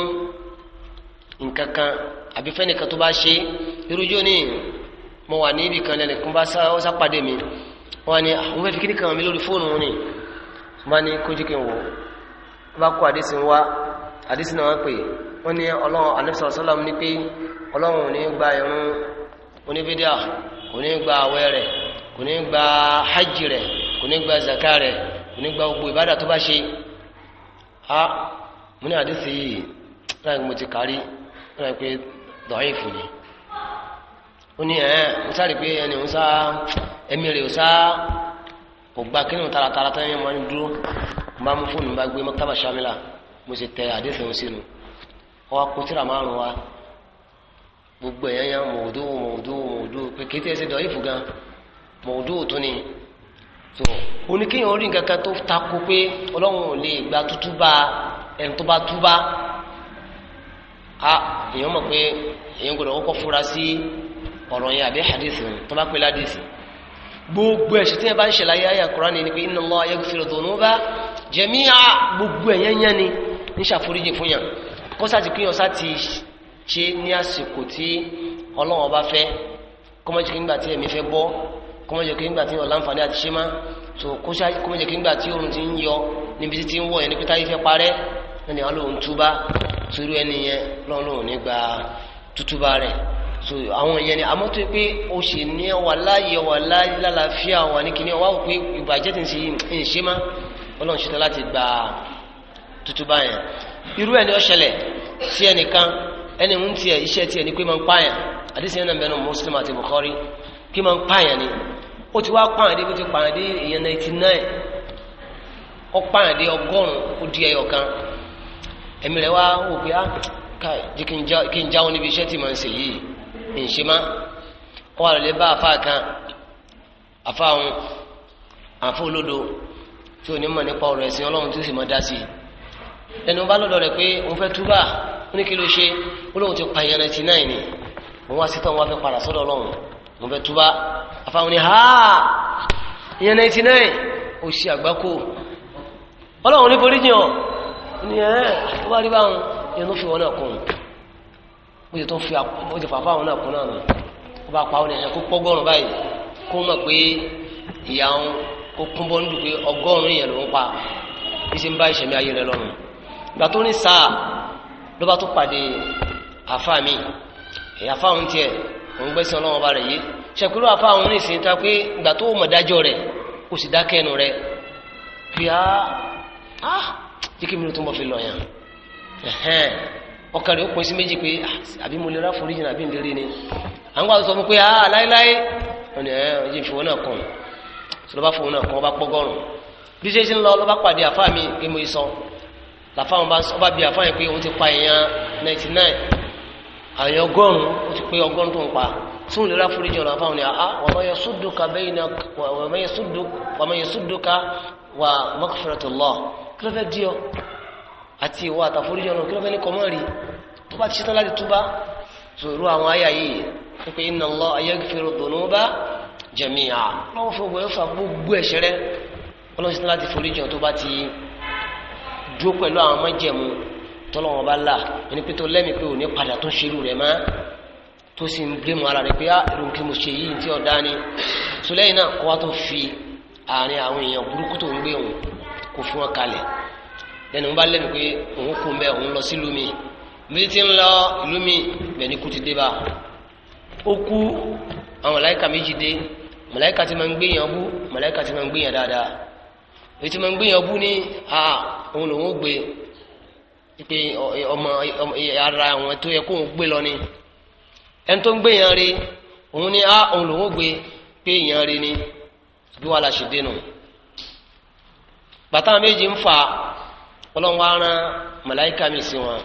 A: nǹkan kan àbí fẹ́nìkan tó bá ṣe irújó ní mo wà ní ibì kan lẹ́nì kan bá sá mi wọ́n ní àwọn ah, fẹ́ fi kíní kan mi lórí fóònù wọn ni bá ní kójú kí n wò bá kó àdísì ń wá àdísì náà wọ́n pè wọ́n ní ọlọ́run anẹ́sọ̀ sọ́làmù ní pé ọlọ́run ò ní gba irun oníbídíà kò ní gba àwẹ̀ rẹ̀ kò ní gba hajj rẹ̀ kò ní gba zaka rẹ̀ ó ní ẹ̀ ń sáré pé ẹni ń sá ẹ̀mí rẹ̀ ń sá kò gba kí nínú taratara tó ń yẹn mọ́ ní dúró mo bá mú fóònù bá gbé mọ́tàbà sàmìlà mo sì tẹ àdéhùn sínú ọwọ́ kó tíra márùn wa gbogbo ẹ̀yàn yẹn mọ̀ọ́dó mọ̀ọ́dó mọ̀ọ́dó pé kété ẹsẹ̀ dọ̀ ìfù gan mọ̀ọ́dó tó ni so oníkéyàn orí nǹkan kan tó takò pé ọlọ́run ò lè gba tútúbà ẹni tó bá túbà a èèyàn mọ̀ pé èèyàn gbọ́dọ̀ kọ́kọ́ fura sí ọ̀rọ̀ yẹn àbí hadith ni tó bá pè ládìsì gbogbo ẹ̀ṣẹ̀ tí yẹn bá ń ṣẹlẹ̀ ayé ayé Kùránì ni pé inna Allah yaghfiru dhunuba jami'a gbogbo ẹ̀yẹn yẹn ni ń ṣàforíjì fún yàn kó sá ti pín ọ̀sá ti ṣe ní àsìkò tí Ọlọ́run bá fẹ́ kọ́mọ́jì kí nígbà tí ẹ̀mí fẹ́ bọ́ kọ́mọ́jì kí nígbà tí ọ̀làǹfààní àti ṣe má so kọ́mọ́jì kí nígbà tí oòrùn ti ń yọ níbi so àwọn ìyẹn ni àmọ́ tó pé o ṣe ní ọwà láàyè ọwà láàyè lálàáfíà wà ní kìnìún ọwà òpin ìbàjẹ́ tí ń ṣe ń ṣe má ọlọ́run ṣetán láti gba tútú báyẹn irú ẹni ó ṣẹlẹ̀ ẹnìkan ẹni ń tiẹ̀ iṣẹ́ tiẹ̀ ni pé máa ń pààyàn àdísìn náà mẹ́nu Muslim àti Bukhari kí máa ń pààyàn ni ó ti wá pààyàn dé kó ti pààyàn dé èèyàn ninety nine ó pààyàn dé ọgọ́rùn-ún ó di ẹyọ kan ẹ̀mí rẹ̀ wá wò pé ah, á kí n jáwọ́ níbi iṣẹ́ tí màá ń ṣe yìí nṣema wọn àlọ́ lè bá afa kan afa àwọn àfọ olódo tí ò ní mọ̀ nípa ọ̀rọ̀ ẹ̀sìn ọlọ́run tí ó sì mọ̀ dá sí i ẹnu bá lọ́dọ̀ rẹ̀ pé òun fẹ́ túbà ó ní kí ló ṣe ó lóun ti pa ìyẹn náà ti náà ni òun wá sí tán wọn fẹ́ padà sọ́dọ̀ ọlọ́run òun fẹ́ túbà afa àwọn ni ha ìyẹn náà ti náà ó ṣe àgbákò ọlọ́run ní foríjì hàn ó ní ẹ́ ó bá rí báwọn ìyẹn ló fi wọn náà kọ́ ó ti tún fi ó ti fàfà àwọn náà kún náà nù ó bá pa àwọn èèyàn kó pọ́gọ́rùn báyìí kó mọ̀ pé ìyá òun kó kún bọ́ nídùú pé ọgọ́rùn èèyàn ló ń pa bí ṣe ń bá ìṣẹ̀mí ayé rẹ lọ́rùn ìgbà tó ní sáà ló bá tó pàdé àfa mi ẹ̀yà àfa òun tiẹ̀ òun gbẹ́sẹ̀ ọlọ́wọ́n bá rẹ̀ yé ṣẹ̀kúrú àfa òun ní ìsìn ta pé ìgbà tó mọ̀ dájọ́ rẹ̀ kò sì dákẹ́ ẹnu rẹ̀ fi á á jíkí mi ló tún bọ̀ fi lọ yàn ọkàn rẹ̀ ó pín sí méjì pé ah, àbí mo lè rá foríjì àbí ń lérí ni à ń gbà sọ fún pé ah láéláé wọn ni ẹ ọjọ́ ìfowó náà kàn sọ lọ́ba fowó náà kàn ọba pọ́gọ́rùn bí ṣe ṣe bá bí ninety nine àyàn ọgọ́rùn-ún ó ti pé ọgọ́rùn-ún tó ń pa lè rá foríjì ọ̀nà àfa ni ah wàmọ̀ yẹ súdùkà bẹ́yìn náà wàmọ̀ yẹ wà mọ́kànlá tó kí ló fẹ́ àti ìwọ àtàforíjì ọ̀nà kílọ́fẹ́ ní kọmọ́ rí tó bá ti ṣetán láti túbá tó irú àwọn àyà yìí ń pè inna Allaha yaghfiru dhunuba jami'a lọ́wọ́ fún ọgbọ̀n ẹ̀fà gbogbo ẹ̀ṣẹ̀ rẹ ọlọ́run ṣetán láti foríjì ọ̀n tó bá ti dúró pẹ̀lú àwọn májẹ̀mú tọ́lọ́wọ́n bá là ẹni pé tó lẹ́mìí pé òní padà tó ṣerú rẹ̀ má tó sì ń gbé mu ara rẹ̀ pé ah, irun kí mo ṣe ẹni wọn bá lẹ́nu pé òun kú mbẹ́ òun lọ sí lumi bí ti ń lọ lumi bẹ́ẹ̀ ni kú ti dé bá ó kú àwọn màláíkà méjì dé màláíkà ti máa ń gbéyàn bú màláíkà ti máa ń gbéyàn dáadáa èyí ti máa ń gbéyàn bú ní a òun lòun ó gbé pé ọmọ ara àwọn tó yẹ kó òun gbé lọ ni ẹni tó ń gbéyàn rí òun ni a òun lòun ó gbé pé èèyàn rí ni bí wàhálà ṣe dénú bàtà méjì ń fà á ọlọ́run wá rán màláìka mi sí wọn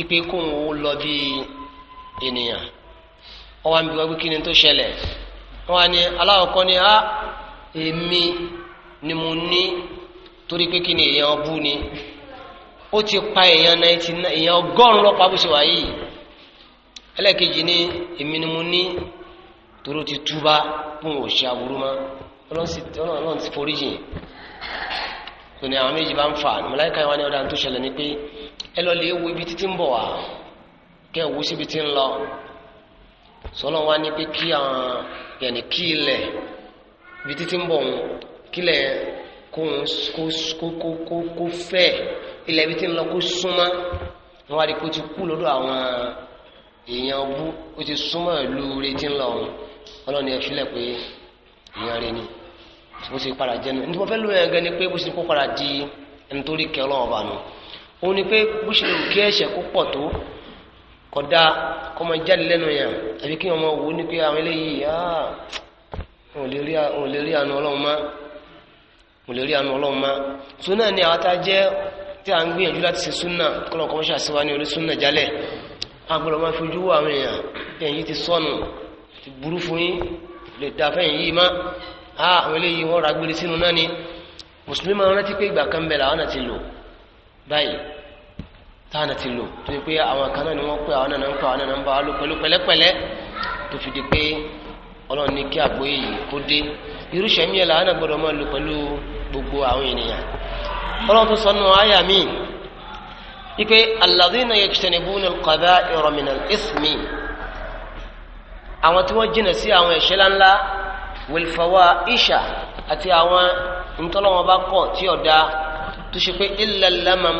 A: ipe kóun ó lọ bí ènìyàn wọn wá ń bí wọn pé kí ni tó ṣẹlẹ̀ wọn wá ní aláwọ̀kọ́ ni a èmi ni mo ní torí pé kí ni èèyàn bú ni ó ti pa èèyàn náìtì èèyàn ọgọ́rùn-ún lọ́pàá bó ṣe wà yìí ẹlẹ́ẹ̀kejì ni èmi ni mo ní torí ti túbá fún òṣìṣẹ́ aburú mọ́ ọlọ́run ti foríjì tó ní àwọn méjì bá ń fà mọ̀láìka ìwà ni ọ̀dà tó ṣẹlẹ̀ ni pé ẹ lọ lè wo ibi títí ń bọ̀ wá kẹ́ ẹ̀ wo síbi tí ń lọ sọlọ́ wa ni pé kí àwọn yẹnì kí ilẹ̀ ibi títí ń bọ̀ wọn kí ilẹ̀ kó kó fẹ́ ilẹ̀ ibi tí ń lọ kó súnmọ́ wọn wá rí kó ti kú lọ́dọ̀ àwọn èèyàn bú ó ti súnmọ́ ìlú retí ń lọ wọn ọlọ́ni ẹ̀ fílẹ̀ pé èèyàn rẹ ni bó ṣe padà jẹnu nítorí wọn fẹ́ lóyún ẹgẹ ni pé bó ṣe kó padà di ẹni tó rí kẹ ọlọ́run bá nù òun ni pé bó ṣe lè kí ẹ̀ṣẹ̀ kó pọ̀ tó kódà kó máa jáde lẹ́nu yẹn àbí kí wọn wò ó ní pé àwọn eléyìí ah, ò lè rí àánú ọlọ́run má ò lè rí àánú ọlọ́run má tó ni àwọn tá a jẹ́ tí a ń gbìyànjú láti ṣe súnà kọ́lọ̀ kan ṣe àṣewá ní orí súnà jálẹ̀ agbọ́dọ̀ máa fi ojú wọ àwọn èèyàn ẹ̀yìn ti sọnù ti burú fún yín lè dá fẹ́yìn yìí má Ah, àwọn eléyìí wọ́n ra gbére sínú náà ni mùsùlùmí máa rántí pé ìgbà kan bẹ̀rẹ̀ àwọn àti lò báyìí táwọn àti lò tó yẹ pé àwọn kan náà ni wọ́n pé àwọn náà ń pa àwọn náà ń bá wa lò pẹ̀lú pẹ̀lẹ́pẹ̀lẹ́ tó fi di pé ọlọ́run ní kí àgbóyè yìí kó dé irúṣẹ́ mi yẹn làwọn náà gbọ́dọ̀ máa lò pẹ̀lú gbogbo àwọn ènìyàn ọlọ́run tó sọ nù áyà mi ipe alladhina yajtanibuna alqaba'ira min al-ismi àwọn tí wọ́n jìnà sí àwọn ẹ̀ṣẹ̀ wìlfọwọ́ ìṣà àti àwọn ntọ́lọ́wọ́n bá kọ̀ tí ọ̀dà tó ṣe pé ilẹ̀ lẹ́mọ̀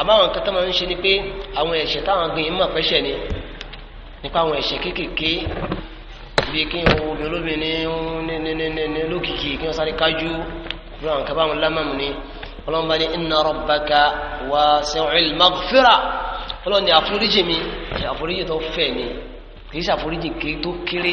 A: àbáwọn kẹta máa ń ṣe ni pé àwọn ẹ̀ṣẹ̀ táwọn gbìn mọ̀ pẹ́ṣẹ̀ ni nípa àwọn ẹ̀ṣẹ̀ kéékèèké bíi kí wọn obìnrin olóbìnrin lókìkí kí wọn sáré kájú ìlú àwọn kẹfà àwọn lámàmù ni ọlọ́run bá ní inna rabbaka wasi'ul maghfira ọlọ́run ní àforíjì mi àforíjì tó fẹ̀ ni kì í ṣàforíjì tó kéré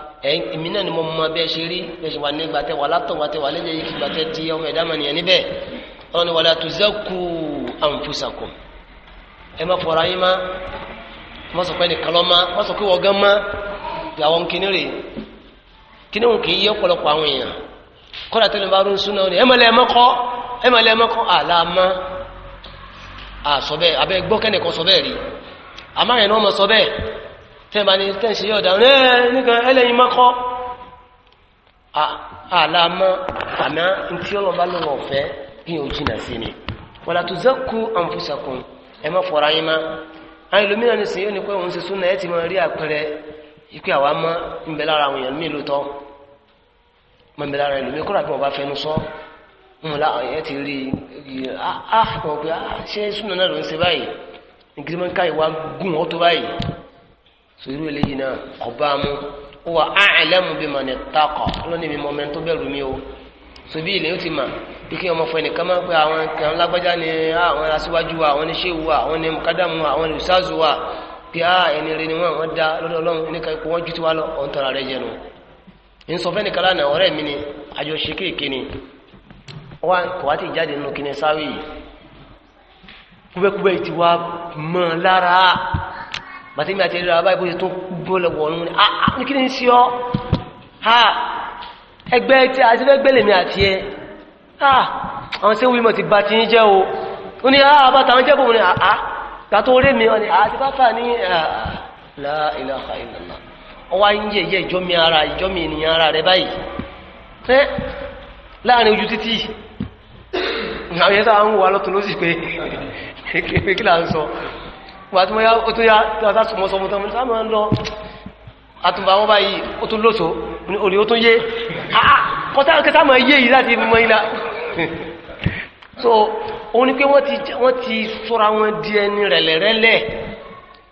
A: èmi náà ni mo mọ bẹ́ẹ̀ ṣe rí bẹ́ẹ̀ ṣe wà ní gbàtẹ́ wà látọ̀ gbàtẹ́ wà lẹ́jẹ̀ yìí gbàtẹ́ di ọmọ ẹ̀dá mọ̀ nìyẹn níbẹ̀ ọ̀run ni wala tuzakku anfusakum ẹ má fọra yín má má sọ pé nìkan lọ́ má má sọ pé wọ́n gán má bí àwọn kìíní rè kìíní òun kìí yẹ ọ̀pọ̀lọpọ̀ àwọn èèyàn kọ́dà tẹ́lẹ̀ bá rún súná ni ẹ má lẹ́ tẹ́ ní tẹ́ǹsì yóò dáhùn ẹ́ ẹlẹ́yìn mọ́kọ́ àlàmọ́ àná tí ọlọ́ba ló wọ̀ fẹ́ kí o jìnà sí ni wàlá tó zẹ́kù àǹfùsàkùn ẹ má fọ̀ra yín má àwọn ìlúmíràn ní sìn yóò ní pé òun ṣe súnà ẹ ti máa rí àpẹẹrẹ ikú àwa mọ́ ń bẹ lára àwọn èèyàn míì lóòótọ́ mọ́ ń bẹ lára ìlúmíràn kó ah ah ṣé súnà náà ló ń ṣe báyìí ìgbìmọ̀ káyìí wá gùn ọ́ tó sùúrù eléyìí náà ọba mu ó wà áìlẹ́mù bí màá ní takọ̀ lónìí mi mọ tó bẹ̀rù mi o sòbí ilé ó ti mà bí ọmọ fún ẹnìkan máa pé àwọn kan lágbájá ni ah, àwọn aṣíwájú wa àwọn oníṣẹ́wù wa àwọn onímọ̀kádàmù wa àwọn olùsáàzù wa pé á ẹni rẹ ni wọ́n wọ́n dá lọ́dọ̀ ọlọ́run ẹnìkan ipò wọ́n ju tiwa lọ ọ̀n tọ́ra rẹ jẹnu. ń sọ fẹ́ nìkan lánàá ọ̀rẹ́ mi ni àjọṣe kéèké ni wá kò wá ti jáde nínú kíni sáré kúbẹ́kúbẹ́ ti wá mọ́ lára bàtí mi àti ẹ̀rọ abáyé bó ṣe tún gbọ́lẹ̀ wọ̀nú ni ah, ah ní kí ni sí ọ́ ha ẹgbẹ́ tí a ti fẹ́ gbẹ́lẹ̀ mi àti ẹ ah àwọn sí wímọ̀ ti bá ti ń jẹ́ o ó ní ah bá tàwọn jẹ́ bòun ni ah, ah gàtó rí mi ọ̀nì àti bàtà ní ah, la ilaha illallah ọwá ń yẹ yẹ ìjọ mi ara ìjọ mi ènìyàn ara rẹ báyìí tẹ́ láàrin ojú títì àwọn yẹn sáà ń wà lọ́tún ló sì pé kí là ń sọ gbà tí mo yá ó tó yá tàbí sọmọ sọmọ tán mẹ́ta mọ́ ń lọ àtùbà wọn báyìí ó tún lóso òní ó tún yé kọta kẹta mọ̀ yé yìí láti mọ ilá so o ni pé wọ́n ti sọ́ra wọn di ẹni rẹ̀lẹ̀rẹ̀lẹ̀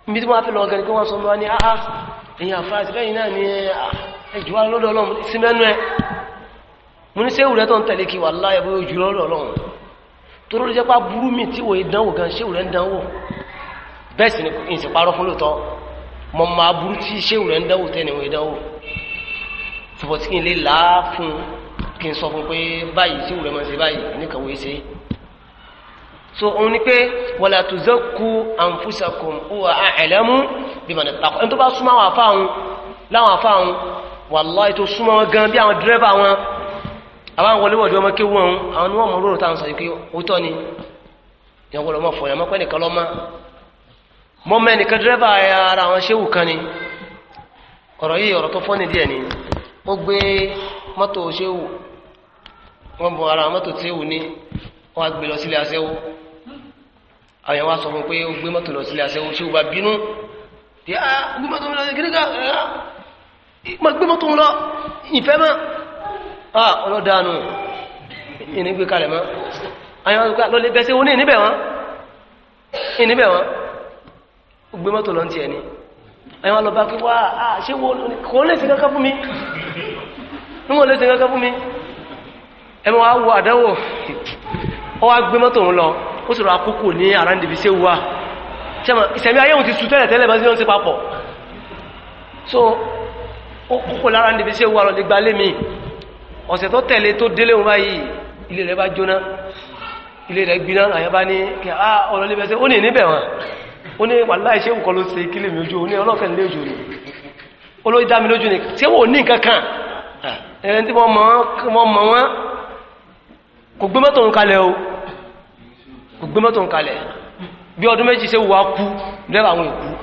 A: níbi tí wọ́n á fi lọ ọ̀gẹ̀ni kí wọ́n sọ lọ́wọ́ ní àá èyí àfáàsì bẹ́yìn náà ni ẹjù wa lọ́dọ̀ ọlọ́run sí mẹ́nu ẹ mo ní séwù rẹ tó ń tẹ̀lé kí wà láyé bóyá ojú lọ́dọ̀ ọlọ́run tó ló jẹ́ pá burú mi tí wòye dánwò gan séwù rẹ ń bẹ́ẹ̀ sì ni n sì parọ́ fún lóòótọ́ mo máa burú tí ṣéwù rẹ̀ ń dánwò tẹ́niwọ̀n ìdánwò ṣùgbọ́n tí kì í lè là fún kí n sọ fún pé báyìí ṣéwù rẹ̀ máa ṣe báyìí nìkan ṣe. so òun ni pé wala tuzakku anfusakum huwa a'lamu biman ittaqa ẹni tó bá súnmọ́ àwọn afáhùn láwọn afáhùn wàláì tó súnmọ́ wọn gan bí àwọn dírẹ́bà wọn àwọn wọléwọ̀dé ọmọ kéwù wọn àwọn ni wọ́n mọ̀ mọ́ mẹ́nìkan dírẹ́bà ara àwọn ṣéwù kan ni ọ̀rọ̀ yìí ọ̀rọ̀ tó fọ́nì díẹ̀ ni ó gbé mọ́tò ṣéwù wọ́n bọ̀ ara mọ́tò ṣéwù ní wọ́n á gbé lọ sílé aṣẹ́wó àwọn wa sọ fún pé ó gbé mọ́tò lọ sílé aṣẹ́wó ṣéwù bá bínú tí a ah, gbé mọ́tò ah, lọ ìfẹ́ mọ́ a ah, ọlọ́dàánù ìní gbé kalẹ̀ mọ́ àwọn ọlọ́dàánù lọ lè bẹ́ sí gbé mọ́tò lọ́n ti ẹni ẹ̀yìn wọn lọ bá kí wá ṣé kò lè ṣe kankan fún mi ní wọ́n lè ṣe kankan fún mi ẹ mọ́ wá wo àdánwò ọ wá gbé mọ́tò lọ ó sì rọ ní àràǹdìbí wà so ó kókò lára níbi ṣé wà lọ́dẹ gbalé mi ọ̀sẹ̀ tó tẹ̀lé tó délé wọn báyìí ilé rẹ̀ bá jóná ilé rẹ̀ gbiná àyàbá ní kí ọ̀rọ̀ lébẹ̀ sí ó ní níbẹ̀ wọn ó ní wàláì ṣé nǹkan ló ṣe kí lèmi ojú ó ní ọlọ́kàn lé ojú ni olóyè dá mi lójú ni ṣé wò ní nǹkan kan ah, ẹni tí wọ́n mọ̀ wọ́n kò gbé mọ́tò ń kalẹ̀ o kò gbé mọ́tò ń kalẹ̀ bí ọdún méjì ṣe wà kú lẹ́wà àwọn ìkú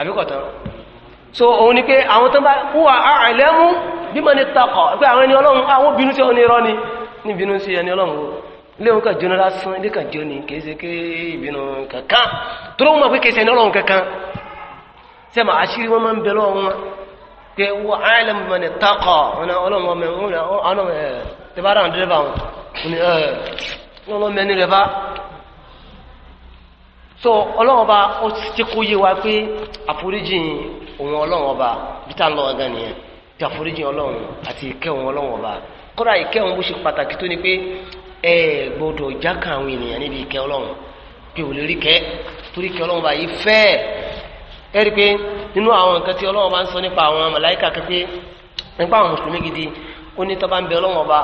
A: àbíkọ̀tán so òun ni pé àwọn tó bá wà àìlẹ́mú bí mọ́ ní takọ̀ pé àwọn ẹni ni ní ìbínú sí ẹni ọlọ́run ilé wọn kà jóná lásán ilé kà jóni kìí ṣe ké ìbínú kankan tó lóun mọ̀ pé kìí ṣe ní ọlọ́run kankan sẹ́mi àṣírí wọn máa ń bẹ lọ́wọ́ wọn pé wọ́n àìlẹ́ mọ̀ ní takọ̀ ọ̀nà ọlọ́run ọmọ ẹ̀ ọ̀nà ẹ̀ tẹ́ bá dáhùn dẹ́rẹ́bà wọn ní ẹ̀ ọlọ́run mẹ́ni rẹ̀ bá. so ọlọ́run ọba ó ti kó yé wa pé àforíjì òun ọlọ́run ọba bí tá a lọ ọ̀gá nìyẹn ti àforíjì ọlọ́run àti ìkẹ́ òun ọlọ́run ọba kọ́ra ìkẹ́ òun bó ṣe pàtàkì tó ni pé ẹ gbọ́dọ̀ jákà àwọn ènìyàn níbi ìkẹ́ ọlọ́run pé ò lè rí kẹ́ torí kẹ́ ọlọ́run báyìí fẹ́ ẹ rí i pé nínú àwọn nǹkan tí ọlọ́run bá ń sọ nípa àwọn màláìkà kẹ́pẹ́ nípa àwọn mùsùlùmí gidi ó ní tọ́ba ń bẹ ọlọ́run ọba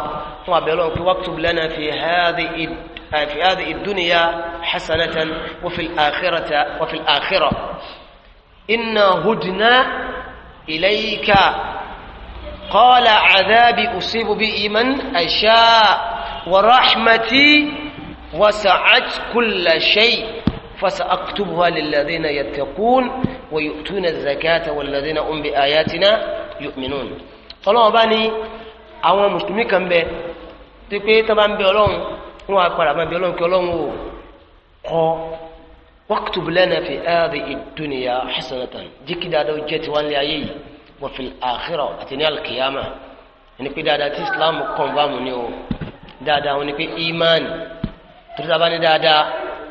A: fún abẹ ọlọ́run pé waktub lana fi hadhihi ad-dunya hasanatan wa fil akhirati wa fil akhirati قال عذابي أصيب به من أشاء ورحمتي وسعت كل شيء فسأكتبها للذين يتقون ويؤتون الزكاة والذين هم بآياتنا يؤمنون Ọlọ́run bá ní àwọn mùsùlùmí kan به tí pé tó bá ń bẹ Ọlọ́run واكتب لنا في هذه الدنيا حسنة jíkí dáadáa jẹ́ tiwa ní wọ́fìl àkírà àti ní alkiyama ẹni pé dáadáa tí islam kọ̀nfàmù ni o dáadáa wọn ni pé imani tó tí a bá ní dáadáa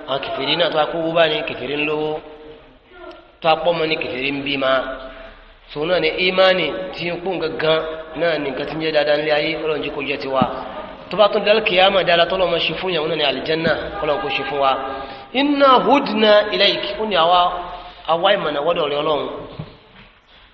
A: àwọn kẹfìrí náà tó akówó bá ní kẹfìrí ń lówó tó apọ́mọ ní kẹfìrí ń bímá so náà ni imani tí ń kún gangan náà ni nǹkan tí ń jẹ́ dáadáa nílé ayé ọlọ́run jí kó jẹ́ tiwa tó bá tún dálé kiyama dáadáa tọ́lọ́ ma ṣe fún yàwọn náà ni alìjẹ́nà ọlọ́run kó ṣe fún wa inna hudna ilayk ó ní àwa àwa ìmọ̀nà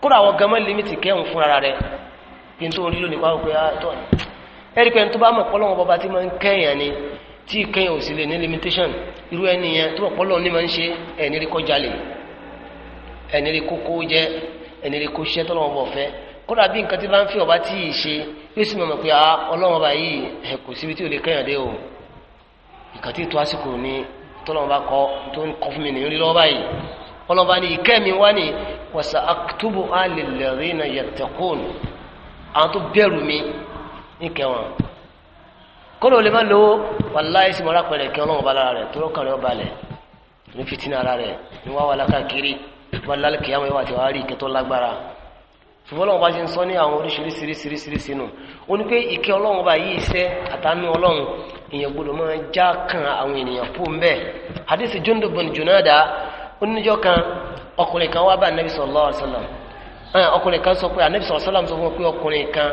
A: kódà àwọn gamọ́ límítì kẹ́hùn fún ara rẹ̀ kí n tó rí lónìí pàápàá pé àtọ́ ah, ni ẹ̀rí pé n tó bá mọ̀ pọ́lọ́wọ́ bọba tí máa ń kẹ́yàn ni tí ìkẹyàn ò sì lè ní limitation irú ẹni yẹn tó mọ̀ pọ́lọ́wọ́ ní máa ń ṣe ẹni rí kọjá lè ẹni rí kókó jẹ́ ẹni rí kó ṣẹ́ tọ́lọ́wọ́ bọ̀ fẹ́ kódà bí nǹkan tí bá ń fi ọba tí ì ṣe yóò sì mọ̀ pé ah, ọlọ́wọ́ bá yìí ẹ̀ kò àsìkò ni tọ́lọ́wọ́ bá kọ tó ń kọ fún mi nìyẹn rí lọ́wọ́ báyìí ọlọ́ba ní ìkẹ́ mi wá ní wọ̀sà àtúbù alìlẹ̀rí na yẹ̀tẹ̀kùn àwọn tó bẹ̀rù mi níkẹwọn kọ́nà olè má lówó wà láyé sí mọ́ra pẹ̀lẹ̀ kí ọlọ́run bá lára rẹ̀ tó rọ́kàn rẹ̀ balẹ̀ ní fitina ara rẹ̀ ní wàá wà lákàkiri wà lálẹ́ kìyàmù ìwà àti wàá rí ìkẹ́ tó lágbára ṣùgbọ́n bá ṣe ń sọ ní àwọn oríṣiríṣiríṣiríṣi nù ó ní pé ìkẹ́ ọlọ́run bá yí iṣẹ́ àtàánú ọlọ́run ìyẹn gbọ́dọ̀ máa já kan àwọn ènìyàn kú ń bẹ́ẹ̀ hadith Jundub bin oníjọ́ kan ọkùnrin kan wá bá anabi sallallahu alaihi wasallam ọkùnrin kan sọ pé anabi sallallahu alaihi wasallam sọ fún mi pé ọkùnrin kan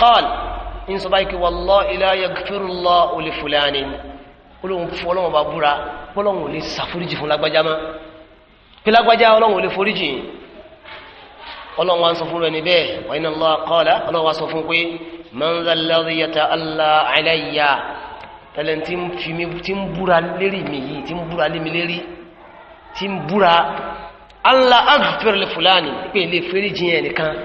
A: qal ń sọ báyìí kí wallahi la yaghfirullahu li fulani olóhùn fún ọlọ́wọ́n bá búra ọlọ́wọ́n ò lè ṣàforíjì fún lágbájá mọ́ pé lágbájá ọlọ́wọ́n ò lè foríjì ọlọ́wọ́n wa sọ fún rẹ níbẹ̀ wa inna Allah qala ọlọ́wọ́n wa sọ fún pé man zalladhi yata'alla alayya tẹlẹ ti ń búra lérí mi yìí ti ń búra lé mi lérí tí ń búra allah aghfir li fulani pé ilé fèrèjì yẹn nìkan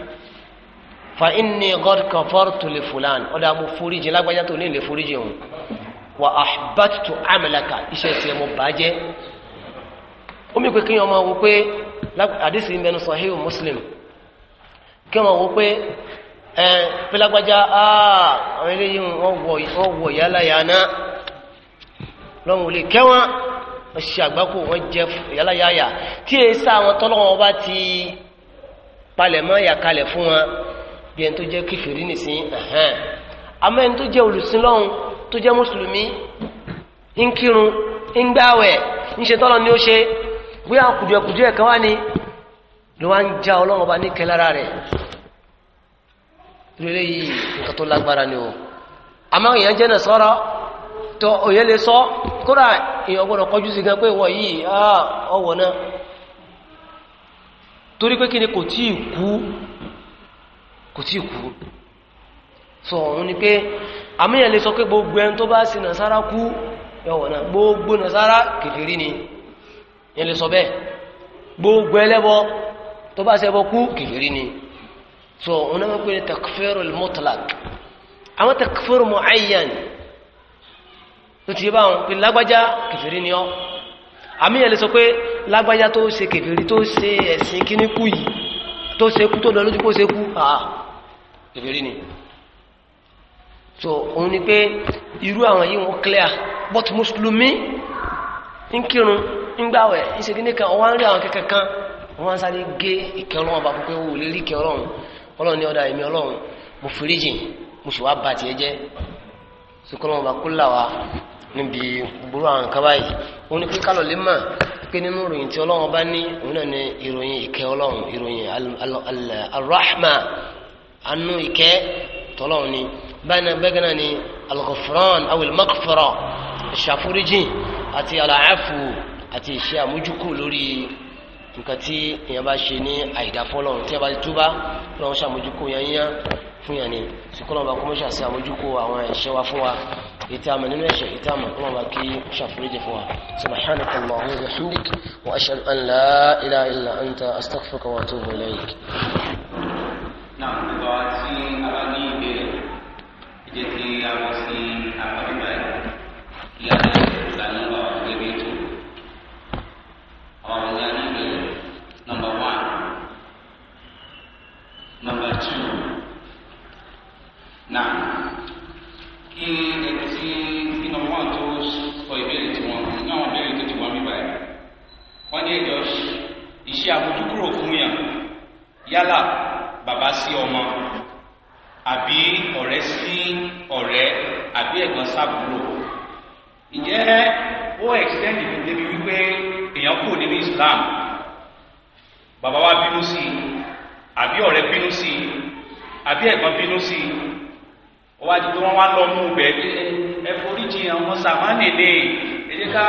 A: fa inni god kafartu li fulani ọ̀dà mo foríjì lágbájá tó ní ilé foríjì òun wa ahbatu amalaka iṣẹ́ tí ẹ mọ bàjẹ́ omi pé kí ọmọ wo pé àdìsí mẹnu sahihu muslim kí ọmọ wo pé ẹ pé lágbájá àwọn eléyìí wọn wọ yálà yàná lọ́wọ́ lè kẹ́wọ́n wọ́n ṣe àgbákò wọ́n jẹ yálàyàyà tí èyí sá àwọn tọ́lọ́wọ́n bá ti palẹ̀mọ́ yàkalẹ̀ fún wọn bí ẹni tó jẹ́ kèfèrí nìsín ẹ̀hẹ́n àmọ́ ẹni tó jẹ́ olùsínlọ́hún tó jẹ́ mùsùlùmí ń kírun ń gbáwẹ̀ ń ṣe tọ́lọ́ ni ó ṣe bóyá kùdìẹ̀kùdìẹ̀ kan wá ni ló wá ń já ọlọ́wọ́n bá níkẹ́ lára rẹ̀ rere yìí nǹkan tó lágbára ni o àmọ́ èèyàn jẹ́ nà sọ́rọ́ tó òye lè sọ kódà èèyàn gbọ́dọ̀ kọjú sí gan pé wọ yìí ah, ọwọ́ náà torí pé kí ni kò tí ì kú kò tí ì kú sọ ọ̀run ni pé àmìyàn lè sọ pé gbogbo ẹni tó bá sí nàsára kú ẹwọ̀ náà gbogbo nàsára kèfèrí ni yẹn lè sọ bẹ́ẹ̀ gbogbo ẹlẹ́bọ tó bá sẹ́bọ kú kèfèrí ni sọ ọ̀run náà pé takfirul mutlaq àwọn takfir muayyan ni tó ti yé báwọn pé lágbájá kèfèrí ni ọ́ àmì ẹ̀ lè sọ pé lágbájá tó ṣe kèfèrí tó ṣe ẹ̀sìn kíní kú yìí tó ṣe kú tó lọ lójú kó ṣe kú àà kèfèrí ni so òun ni pé irú àwọn yìí wọn clear but mùsùlùmí ń kírun ń gbàwẹ̀ ń ṣe kíní kan ọwọ́ ń rí àwọn kẹ̀kẹ́ kan wọ́n sáré gé ìkẹ́ ọlọ́run bá fún wò lè rí ìkẹ́ ọlọ́run ọlọ́run ní ọ̀dà èmi ọlọ́run mo foríjì mo sì wá bàtì ẹ jẹ́ sọkọlọ́run bá kó là níbi gbogbo àwọn nǹkan báyìí ó ní pé kálọ̀ lè mà pé nínú ìròyìn tí ọlọ́run bá ní òun náà ní ìròyìn ìkẹ́ ọlọ́run ìròyìn alrahma anú ìkẹ́ tọ́lọ́run ni báyìí náà bẹ́ẹ̀ náà ni alghufran awil maghfara ìṣàforíjìn àti alaafu àti ìṣe àmójúkù lórí nǹkan tí èèyàn bá ṣe ní àìdá tí a bá ti túbá lọ́wọ́ ṣàmójúkù yẹn yẹn fún yẹn ni sùkúrọ̀ kọ́mọ́ṣà sí àmójúkù àwọn ẹ̀ṣẹ̀ wa fún wa. يتامى من شيء يتامى الله باكي شاف لي جفوا سبحانك اللهم وبحمدك واشهد ان لا اله الا انت استغفرك واتوب اليك
B: نعم دعاتين اغاني جتي يا وسيم اقرب يا Number one. Number two. Now. Nah. kí ẹni tí nínú wọn tó sọ ìbéèrè tiwọn nínú àwọn ìbéèrè tó ti wà mí báyìí wọ́n ní ẹjọ́ iṣẹ́ àbójúkúrò fún yàn yálà bàbá sí ọmọ àbí ọ̀rẹ́ sí ọ̀rẹ́ àbí ẹ̀gbọ́n sábúrò ǹjẹ́ ó ẹ̀kísẹ́ǹdì mi débi wípé èèyàn kò nínú Islam bàbá wa bínú sí i àbí ọ̀rẹ́ bínú sí i àbí ẹ̀gbọ́n bínú sí i ó wá di pé wọ́n wá lọ mú un bẹ́ẹ̀ ẹ forí jì àwọn sàmánì ní ẹ jẹ́ ká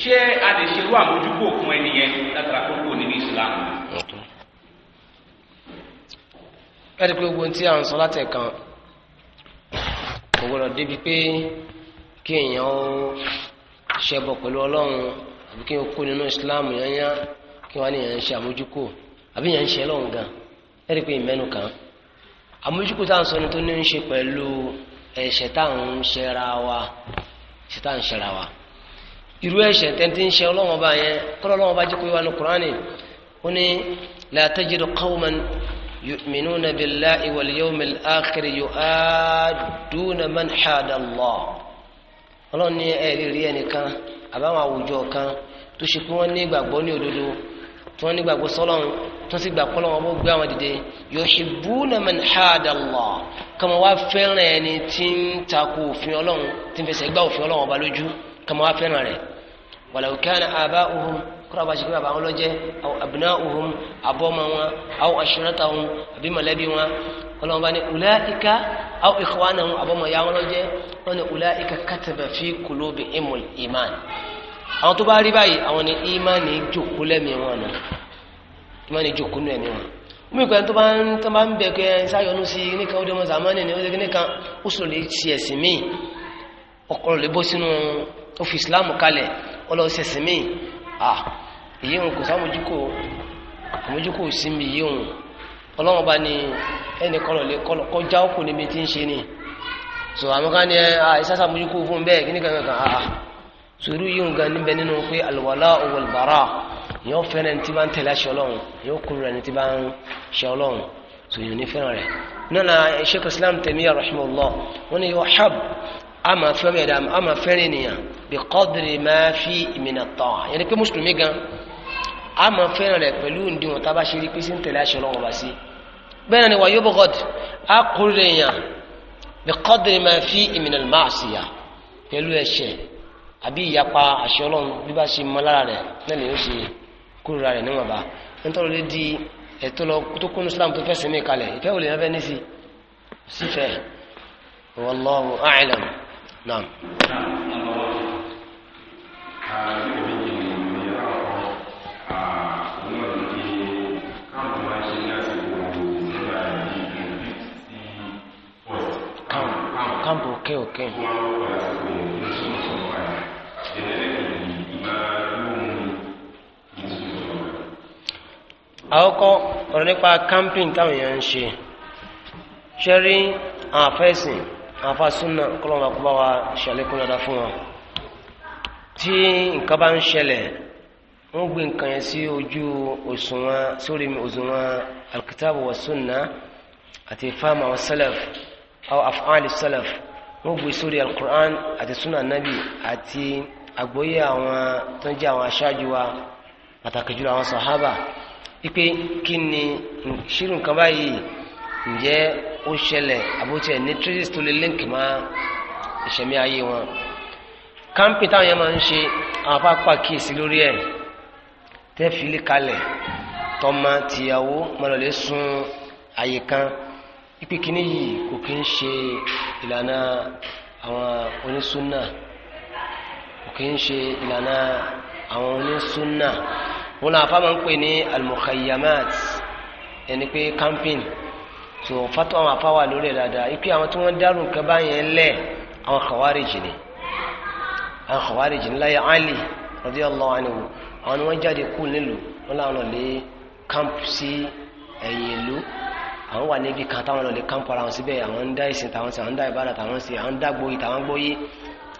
B: ṣé a lè ṣerú àmójúkò fún ẹni yẹn látara kó kò nínú ìsìlámù.
A: ẹ ni i pé gbogbo ohun tí à ń sọ látẹ̀kan kò gbọdọ̀ débi pé kí èèyàn ó ṣẹbọ pẹ̀lú ọlọ́run àbí kí n kó nínú ìsìlámù yányá kí wọ́n á ní èèyàn ń ṣe àmójúkò àbí èèyàn ń ṣe lọ́hùn gan ẹ rí i pé ìmẹ́nu kan àmójúkú tá à ń sọ ni tó ní ń ṣe pẹ̀lú ẹ̀ṣẹ̀ tá à ń ṣẹra wa ẹ̀ṣẹ̀ tá à ń ṣẹra wa irú ẹ̀ṣẹ̀ tẹ́ntì ń ṣe ọlọ́wọ́n bá yẹn kọ́lọ́ ọlọ́wọ́n bá jẹ́ pé wà ní kúránì ó ní la tajidu qawman yu'minuna billahi wal yawmil akhir yu'aduna man hada Allah ọlọ́run ní ẹ̀rí rí ẹnìkan àbáwọn àwùjọ kan tó ṣe pé wọ́n ní ìgbàgbọ́ ní òdodo tí wọ́n nígbàgbọ́ sọ́lọ́run tí wọ́n sì gbà kọ́lọ́ wọn bó gbé àwọn dìde yuhibbuna man hada Allah kàmá wá fẹ́ràn ẹni tí ń takò òfin ọlọ́run tí ń fẹsẹ̀ gbá òfin ọlọ́run ọba lójú kàmá wá fẹ́ràn rẹ̀ walau kana aba'uhum kúrò àbá ṣèkí bàbá wọn lọ́jẹ́ abna'uhum abọ́mọ wọn aw ashiratahum àbí mọ̀lẹ́bí wọn ọlọ́run ní ulaika aw ikhwanahum abọ́mọ ya wọn lọ́jẹ́ wọn ní ulaika kataba fi qulubihimul iman àwọn tó bá rí báyìí àwọn ni ìmánì jòkó lẹ́mìí wọn nù ìmánì jòkó lẹ́mìí wọn mú ìpẹ́ tó bá ń tó bá ń bẹ̀ kẹ́ sáyọnú sí nìkan ó dé mọ́ sàmánì ní ó dé nìkan ó sọ lè ṣe ẹ̀sìn míì ọkọ̀ lè bọ́ sínú òfin islam kalẹ̀ ọlọ́ọ̀sẹ̀ ẹ̀sìn míì à òun kò sámójúkò àmójúkò sí mi yìí òun ọlọ́wọ́n bá ní ẹnì kọlọ̀ lè kọlọ̀ kọjá òkú níbi tí ń ṣe ni so àmọ́ká ni ẹ àìsásàmójúkò fún bẹ́ẹ̀ kí nìkan kan àà sùúrù yìí ń ga níbẹ̀ nínú pé àlùwàlá òwòlùbárà yóò fẹ́ràn tí bá ń tẹ̀lé aṣọ ọlọ́run yóò kúrò ẹni tí bá ń ṣe ọlọ́run sùúrù ní fẹ́ràn rẹ̀ nínú sheikh islam tẹ̀míyà rahimahullah wọn ni yóò ama fẹ́ràn ẹ̀dá ama fẹ́ràn ènìyàn bí qadri máa fi ìmìnà tán yẹn pé mùsùlùmí gan ama fẹ́ràn rẹ̀ pẹ̀lú ndíwọ̀n tá a bá ṣe rí pé sí ń tẹ̀lé ni wà yóò bọ́ gọ́d á kúrò èèyàn bí qadri máa fi ìmìnà máa ṣìyà àbí ìyapa àṣẹ ọlọ́run bí bá ṣe mọ lára rẹ̀ náà ni ó ṣe kúrò rẹ̀ níwọ̀nba nítorí lè di ẹ̀tọ́ lọ tó kún islam tó fẹ́sẹ̀ mí kalẹ̀ ìfẹ́ òlè ẹ̀fẹ́ ní sí sífẹ́ wallahu a'lam naam. kampu okay okay. àkọ́kọ́ ọ̀rọ̀ nípa camping táwọn èèyàn ń ṣe ṣe rí àwọn afẹ́sìn àwọn wa ṣàlékún dáadáa fún wọn tí nǹkan bá ń ṣẹlẹ̀ wọ́n gbé nǹkan yẹn sí ojú òṣùwọ̀n sórí òṣùwọ̀n alkitabu wa sunna àti fáàmù àwọn salaf àwọn afáàlì salaf wọ́n gbé sórí alukur'an àti sunna nabi àti àgbóyé àwọn tó ń jẹ́ àwọn aṣáájú wa pàtàkì jùlọ àwọn sahaba ipe kini ni ṣírù nǹkan báyìí ǹjẹ́ ó ṣẹlẹ̀ àbótiẹ̀ ní tírís tó lè líǹkì mọ́ ìṣẹ̀mí ayé wọn kámpì táwọn yẹn máa ń ṣe àwọn apá kíyèsí lórí ẹ̀ tẹ́fìlì kalẹ̀ tọmọ tìyàwó mọ̀lọ́lẹ́ sun àyè kan ipe kíní yìí kò kí ń ṣe ìlànà àwọn onísúnà kò kí ń ṣe ìlànà àwọn onísúnà wọn náà fáwọn pè ní al-mukhayyamat ẹni pé camping tó fatọ́ àwọn afáwà lórí ẹ̀ dáadáa ipe àwọn tí wọ́n dárò nǹkan báyẹn lẹ̀ àwọn khawarij ni àwọn khawarij ni láyé ali radiyallahu anhu àwọn ni wọ́n jáde kú nílùú wọn làwọn lọ lé camp sí ẹ̀yìn ìlú àwọn wà níbi kan táwọn lọ lè kán para wọn síbẹ̀ àwọn ń dá ìsìn táwọn sí àwọn ń dá ìbára táwọn sí àwọn ń dá gbóyè táwọn gbóyè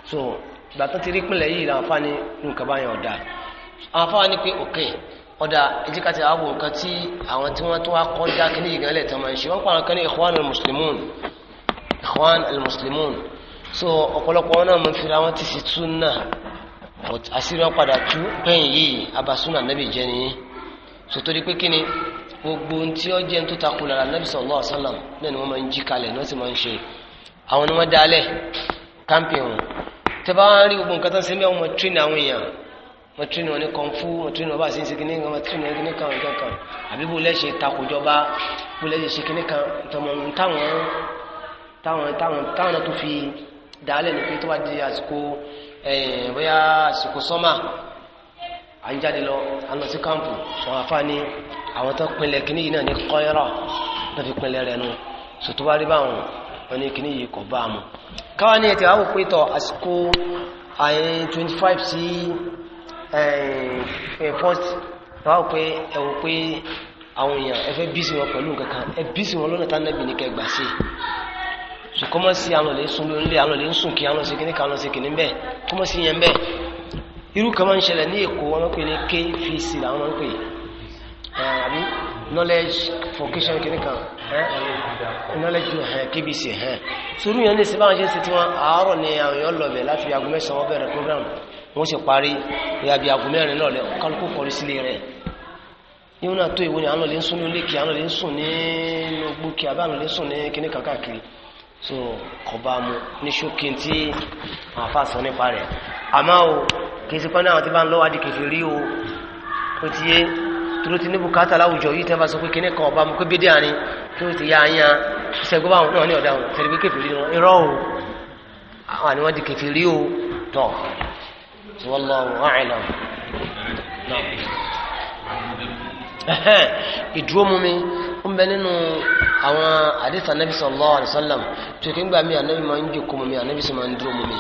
A: so ìgbà tó ti rí pínlẹ̀ yìí làwọn fáni nǹkan àwọn afáwa ní pé òkè ọ̀dà ìdíkàtì àwọn nǹkan tí àwọn tí wọ́n tó wá kọ́ dá kí ní ìgbàlẹ̀ tó máa ń ṣe wọ́n pa kan ní ikhwan al-muslimun ikhwan al-muslimun so ọ̀pọ̀lọpọ̀ wọn náà mọ̀ fi ra wọn ti sì tún náà àṣírí wọn padà tú pẹ́yìn yìí abasúnà nàbì jẹ́ nìyí so torí pé kí ni gbogbo tí ó jẹ́ tó takò lára nàbì sallallahu alaihi wasallam náà ni wọ́n máa ń jí kalẹ̀ ní wọ́n ṣe àwọn ni wọ́n dálẹ̀ kámpìn wọn tẹ́ bá rí gbogbo nǹkan tó ń sẹ́mi àwọn ọmọ tírínì àwọn èèyàn wọ́n tún ní wọn ní kọ́ńfù wọ́n tún ní wọn bá sì ń ṣe kíní kan wọ́n tún ní wọn kíní kan nǹkan kan àbí bó lẹ́sẹ̀ takòjọba bó lẹ́sẹ̀ ṣe kíní kan tọmọ táwọn táwọn táwọn táwọn náà tó fi dàálẹ̀ ní pé tó bá di àsìkò bóyá àsìkò sọ́mà à ń jáde lọ à sí kámpù wọn afá àwọn tó pinlẹ̀ kíní yìí náà ní kọ́yọ́rọ̀ náà fi pinlẹ̀ rẹ̀ nù sòtú wá rí báwọn wọn ní kíní yìí kọ̀ bá a káwọn ní ètò twenty five sí. Eh, eh, first wọ́n á pé ẹ̀wọ̀n pé àwọn èèyàn ẹ fẹ́ bí sí wọn pẹ̀lú nǹkan kan ẹ bí sí wọn lọ́nà tán nẹ́bì ní kẹgbà sí ṣùkọ́mọ́ sí àwọn ọ̀lẹ́ sún lórí àwọn ọ̀lẹ́ ń sùn kí àwọn ọ̀sẹ̀ kìíní kan ọ̀sẹ̀ kìíní bẹ́ẹ̀ sí yẹn bẹ́ẹ̀ irú kan máa ń ṣẹlẹ̀ ní èkó wọn pè ní kfc làwọn máa ń pè eh, àbí knowledge vocation kìíní kan knowledge kbc sùúrù yẹn lè ṣe báwọn ṣe ń ṣe tiwọn àárọ̀ ni àwọn èèyàn lọ bẹ̀ láti aago wọn bẹ̀rẹ̀ program wọ́n sì parí ìyá bíi aago mẹ́rin náà lẹ kálukú kọrí sílé rẹ̀ yíwọ́n tó ìwé ni àwọn lè ń sún ní olè kí àwọn lè ń sùn ní gbó kí àbáwọn lè ń sùn ní kíní kankan so kọba mu ní ṣókí tí àwọn afá sọ nípa rẹ̀ àmọ́ o kì í ṣe pẹ́ ní àwọn tí bá ń lọ́wọ́ adìkèfé rí o ó ti yé tó ti ní bùkátà láwùjọ yìí tẹ́ sọ pé kíní kan ọba mu pé bídíà ni kí ó ti yá anya ṣẹ́gbọ́n àwọn náà ní ọ̀dà والله a'lam ìdúró mú mi ń bẹ nínú àwọn àdìsá nàbí sallallahu alaihi wasallam tó kí ń gbà mí ànábì máa ń jòkó mú mi ànábì sì máa ń dúró mú mi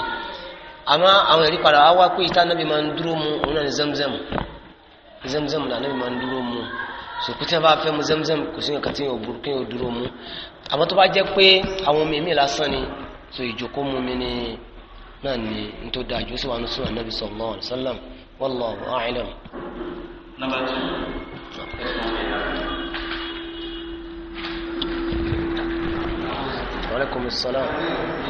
A: àmọ́ àwọn ẹ̀rí padà wá pé ìta ànábì máa ń dúró mú òun náà ní zamzam zamzam ní ànábì máa ń dúró mú sòkú tí wọn bá fẹ́ mu zamzam kò sí nǹkan tí yóò burú kí yóò dúró àmọ́ tó bá jẹ́ pé àwọn omi mi من تداج سواء سوى النبي صلى الله عليه وسلم والله أعلم وعليكم السلام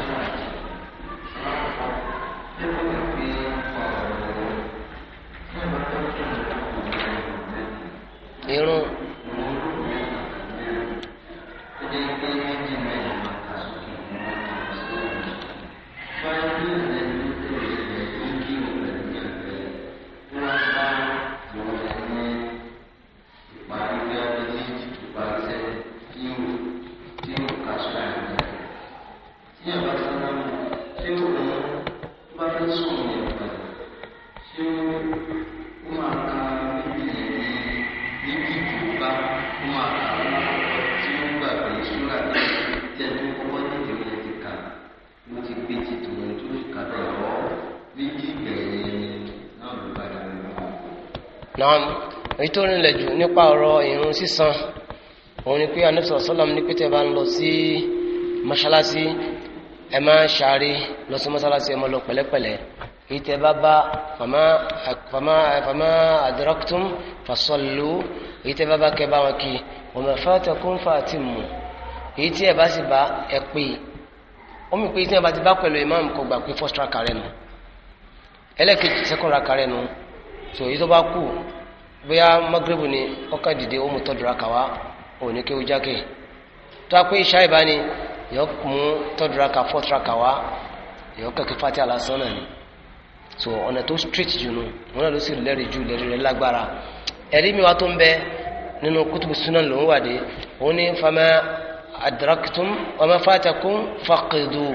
A: rinlẹ̀ jù nípa ọ̀rọ̀ ìrun sísan òun ni pé anabisa sọlọm ní pété bá ń lọ sí mọ́ṣáláṣí ẹ máa lọ sí mọ́ṣáláṣí ẹ lọ pẹ̀lẹ́pẹ̀lẹ́ ìtẹ bá bá fama fama fama adraktum fasallu ìtẹ bá bá kẹ bá wọn kí wọn máa fatakum fatimmu èyí tí ẹ bá sì bá ẹ pé so èyí tó bá bóyá magrebu ni ọkà dìde ó mú tọ́dúrà kàwá òní kéwú jákè tó a pé iṣẹ́ ìbá ni yọ mú tọ́dúrà kà fọ́túrà kàwá yọ kàkí fati alásán náà ni so ọ̀nà tó straight jù nù wọn náà ló sì lẹ́rìí ju lẹ́rìí rẹ lágbára ẹ̀rí mi wá tó ń bẹ nínú kutubu sunan ló ń wà n'i òun ní fama adraktum ọmọ fatakum faqidu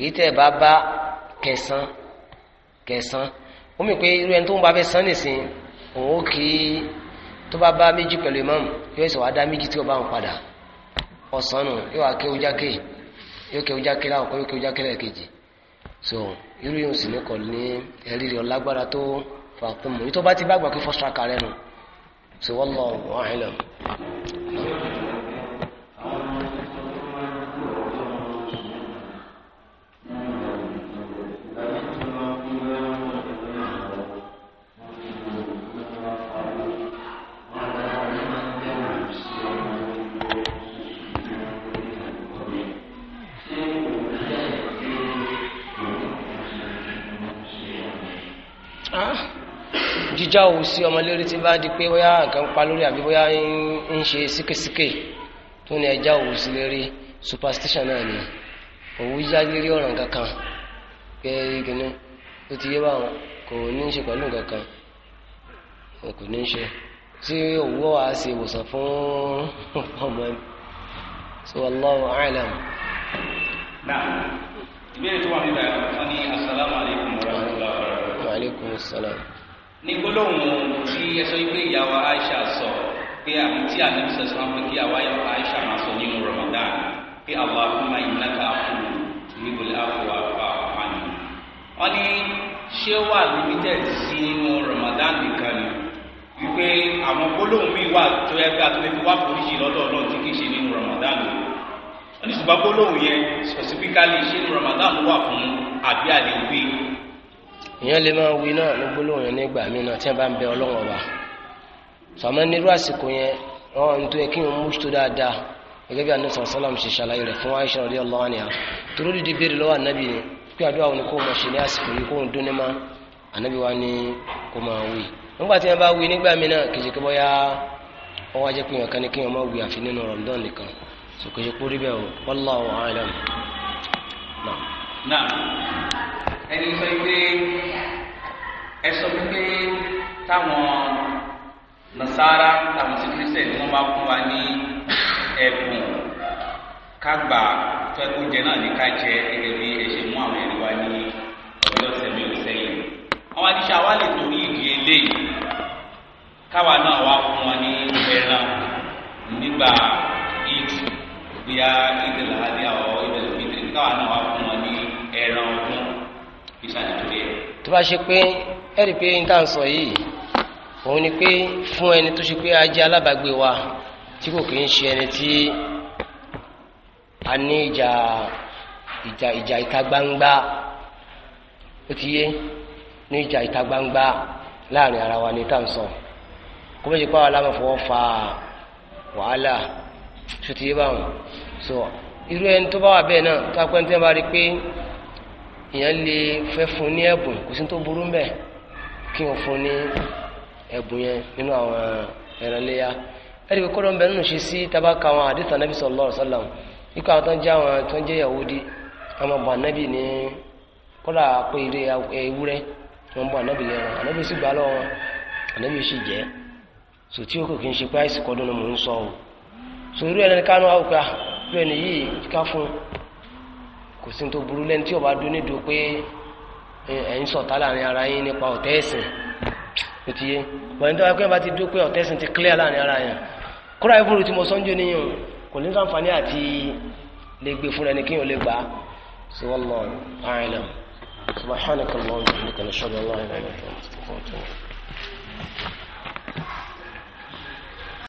A: yìí tẹ̀ bá bá kẹsàn kẹsàn ó mì pé irú ẹni tó ń bá sàn nìsín òun kì í tó bá bá méjì pẹ̀lú ìmáàmù yóò sọ wá dá méjì tí ó bá ń padà ọ̀sán nù yóò wá kéwú jákè yóò kéwú jákè so irú yóò sì ní ni ní ẹ̀rí rẹ̀ lágbára tó fàtúmù yìí tó bá ti bá gbà so já òun sí ọmọ lérí tí bá di pé bóyá nǹkan pa lórí àbí bóyá ń ṣe síkèsíkè tó ní ẹja òun sí lérí superstition náà ni òun yá lérí ọ̀ràn kankan pé kìnnú ti yé báwọn kò ní ṣe pẹ̀lú nǹkan kò ní ṣe tí òun ìwòsàn fún ọmọ ẹni so a'lam. wa wa
B: ní gbólóhùn tí ẹ sọ pé ìyàwó Aisha sọ pé àbí tí àbíbi sọ sọ pé kí àwa yọ Aisha máa sọ nínú Ramadan pé àwọn akúmọ ìnáka àkùnú nígbòlè àkùwà àkùnú. wọ́n ní ṣé ó wà limited sí nínú Ramadan nìkan ni wípé àwọn gbólóhùn míì wà tó yẹ pé àtúntò wà foríṣi lọ́dọ̀ Ọlọ́run tí kì í ṣe nínú Ramadan nìkan wọ́n ní ṣùgbọ́n gbólóhùn yẹn specifically ṣé ní Ramadan wà fún àbí àdéhùn
A: èèyàn lè máa wí náà ní gbólóhùn yẹn nígbà míì náà tí wọn bá ń bẹ ọlọ́wọ́n wa sọmọ nírú àsìkò yẹn wọn ń tó yẹ kí wọn mú tó dáadáa gẹ́gẹ́ bí anabi sọ̀rọ̀ ṣe ṣàlàyé fún Aisha dídí béèrè ni pé àdúrà wọn ni kò mọ̀ ṣe ní àsìkò yìí kò dún ní ma anabi wa ni kò máa wí nígbà tí wọn bá wí nígbà náà ṣe kí wọn wá pé kí wọn wí àfi nínú nìkan sọ ṣe
B: bẹ́ẹ̀ o ẹni sọ pé ẹ sọ táwọn nasara táwọn sí kristian tí wọn bá fún wa ní ẹbùn kágbà tó ẹkọ jẹ náà ní ká jẹ bí ẹ mú àwọn ẹni wa ní àwọn àwa lè torí ìdí eléyìí káwa náà wá fún ní ẹran nígbà
A: tó bá ṣe pé ẹ̀rí pé n tá à ń sọ yìí òun ni pé fún ẹni tó ṣe pé a jẹ́ alábàágbé wa tí kò kì í ṣe ẹni tí a ní ìjà ìjà ìjà ìta gbangba ó ti yé ní ìjà ìta gbangba láàrin ara wa ní tá à sọ kó méjì pàwọn alámọ̀fọwọ́ fa wàhálà ṣùtìyé báwọn so irú ẹni tó bá wà bẹ́ẹ̀ náà tó apẹ́ntẹ́ bá rí pé. èèyàn lè fẹ́ fún ní ẹ̀bùn kò sí tó burú mbẹ̀ kí wọ́n fún ní ẹ̀bùn yẹn nínú àwọn ẹran léyà ẹ̀rí pé kọ́dọ̀ ń nínú ṣe sí tabaka àwọn àdìsá nàbì sallallahu alaihi o. ikú àwọn tó ń jẹ́ àwọn tó ń jẹ́ Yahudi àwọn bọ̀ ànábì ní kọ́dà pé ilé ewúrẹ́ wọn bọ̀ sì gbà lọ́wọ́ sì jẹ́ sòtí òkè kì í ṣe o kò sí tó burú lẹ́ni tí ọba dún nídùú pé ẹ̀yin ṣọ̀tá láàrin ara yín nípa ọ̀tẹ̀ ẹ̀sìn ló ti yé wọ́n ní tó wá pé bá ti dún pé ọ̀tẹ̀ ẹ̀sìn ti clear láàrin ara yẹn kúrò ìbúrú tí mo sọ ń jó níyàn kò ní sàǹfààní àti lè gbé fúnra ẹni kéèyàn lè gbà á sí wọ́n lọ àìlẹ̀ subahánakàlọ́ọ̀ nìkan ṣọ́dọ̀ ọlọ́run ẹ̀rọ ìfẹ́